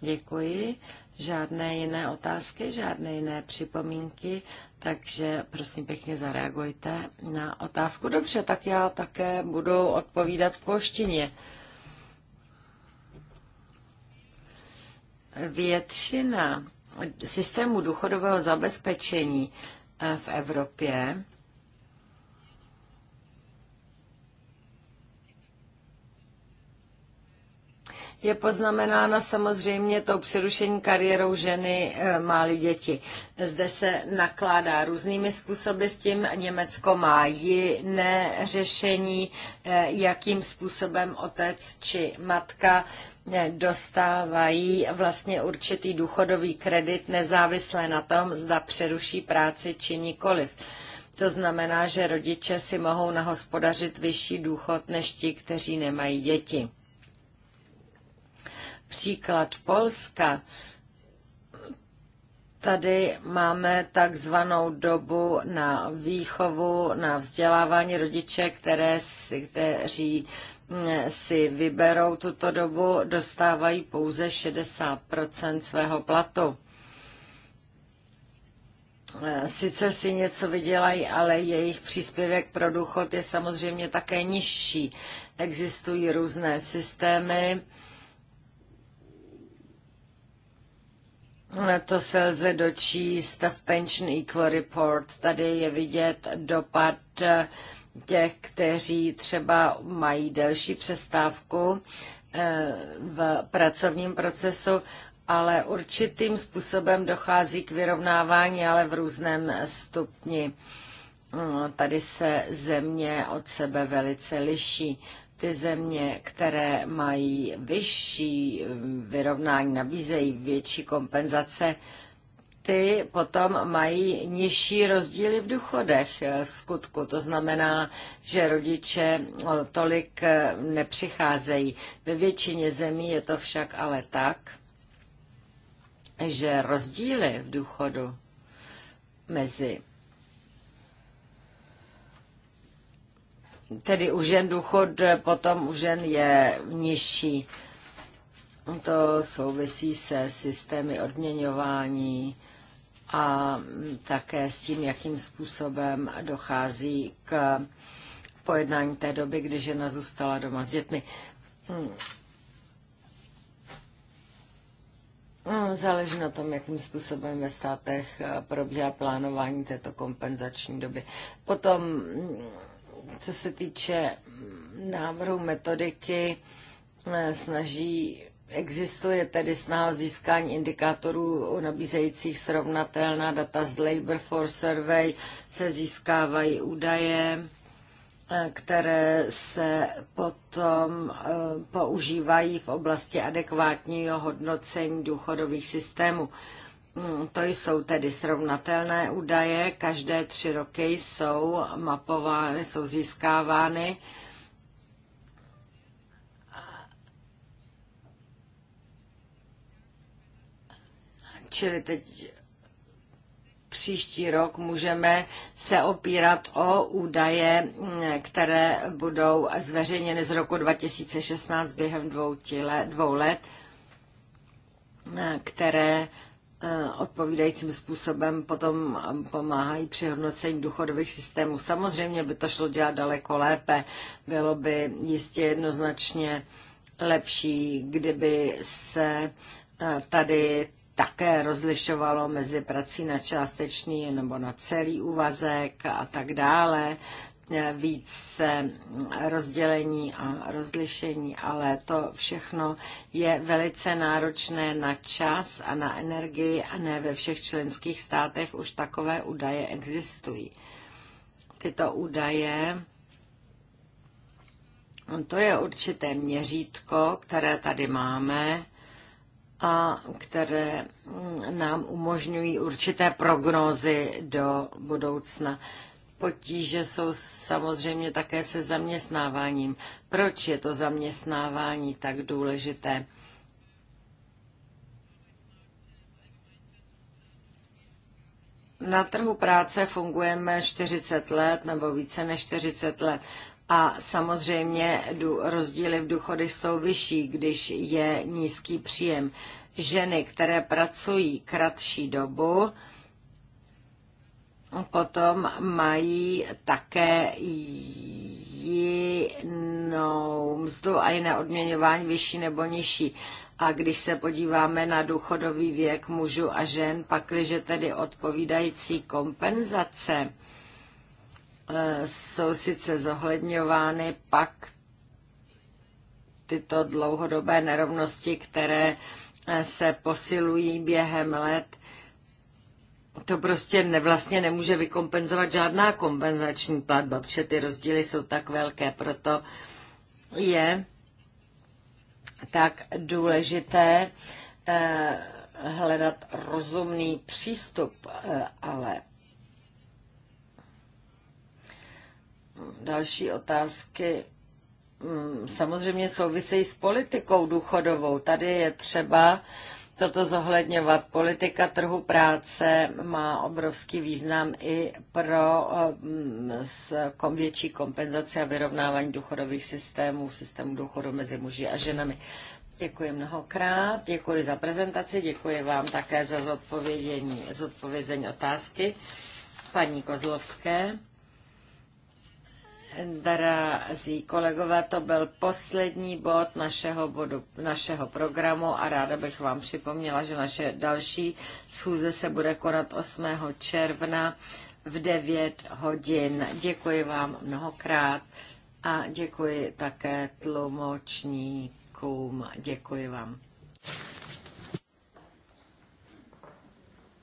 Speaker 3: Děkuji žádné jiné otázky, žádné jiné připomínky, takže prosím pěkně zareagujte na otázku. Dobře, tak já také budu odpovídat v polštině. Většina systému důchodového zabezpečení v Evropě je poznamenána samozřejmě tou přerušení kariérou ženy eh, máli děti. Zde se nakládá různými způsoby s tím. Německo má jiné řešení, eh, jakým způsobem otec či matka eh, dostávají vlastně určitý důchodový kredit nezávisle na tom, zda přeruší práci či nikoliv. To znamená, že rodiče si mohou nahospodařit vyšší důchod než ti, kteří nemají děti příklad Polska, Tady máme takzvanou dobu na výchovu, na vzdělávání rodiče, které si, kteří mm, si vyberou tuto dobu, dostávají pouze 60 svého platu. Sice si něco vydělají, ale jejich příspěvek pro důchod je samozřejmě také nižší. Existují různé systémy, To se lze dočíst v Pension Equal Report. Tady je vidět dopad eh, těch, kteří třeba mají delší přestávku eh, v pracovním procesu, ale určitým způsobem dochází k vyrovnávání, ale v různém stupni. Eh, tady se země od sebe velice liší. Ty země, které mají vyšší mm, vyrovnání, nabízejí větší kompenzace, ty potom mají nižší rozdíly v důchodech eh, v skutku. To znamená, že rodiče tolik eh, nepřicházejí. Ve většině zemí je to však ale tak, že rozdíly v důchodu mezi tedy u žen důchod potom u žen je nižší. To souvisí se systémy odměňování a také s tím, jakým způsobem dochází k pojednání té doby, kdy žena zůstala doma s dětmi. Hmm. Záleží na tom, jakým způsobem ve státech probíhá plánování této kompenzační doby. Potom hmm, co se týče mm, návrhu metodiky, eh, snaží Existuje tedy snaha o získání indikátorů nabízejících srovnatelná data z Labor Force Survey, se získávají údaje, eh, které se potom eh, používají v oblasti adekvátního hodnocení důchodových systémů. Hmm, to jsou tedy srovnatelné údaje, každé tři roky jsou mapovány, jsou získávány. Čili teď příští rok můžeme se opírat o údaje, které budou zveřejněny z roku 2016 během dvou, let, které Eh, odpovídajícím způsobem potom pomáhají při hodnocení důchodových systémů. Samozřejmě by to šlo dělat daleko lépe, bylo by jistě jednoznačně lepší, kdyby se eh, tady také rozlišovalo mezi prací na částečný nebo na celý úvazek a tak dále více rozdělení a rozlišení, ale to všechno je velice náročné na čas a na energii a ne ve všech členských státech už takové údaje existují. Tyto údaje To je určité měřítko, které tady máme a které nám umožňují určité prognózy do budoucna. Potíže jsou samozřejmě také se zaměstnáváním. Proč je to zaměstnávání tak důležité? Na trhu práce fungujeme 40 let nebo více než 40 let. A samozřejmě rozdíly v důchody jsou vyšší, když je nízký příjem. Ženy, které pracují kratší dobu, potom mají také jinou mzdu a jiné odměňování vyšší nebo nižší. A když se podíváme na důchodový věk mužů a žen, pakliže tedy odpovídající kompenzace eh, jsou sice zohledňovány, pak tyto dlouhodobé nerovnosti, které eh, se posilují během let, to prostě nevlastně nemůže vykompenzovat žádná kompenzační platba, protože ty rozdíly jsou tak velké, proto je tak důležité eh, hledat rozumný přístup, eh, ale další otázky mm, samozřejmě souvisejí s politikou důchodovou. Tady je třeba eh, toto zohledňovat. Politika trhu práce má obrovský význam i pro mm, s větší kompenzaci a vyrovnávání důchodových systémů, systému důchodu mezi muži a ženami. Děkuji mnohokrát, děkuji za prezentaci, děkuji vám také za zodpovězení otázky paní Kozlovské. Drazí kolegové, to byl poslední bod našeho, bodu, našeho programu a ráda bych vám připomněla, že naše další schůze se bude konat 8. června v 9 hodin. Děkuji vám mnohokrát a děkuji také tlumočníkům. Děkuji vám.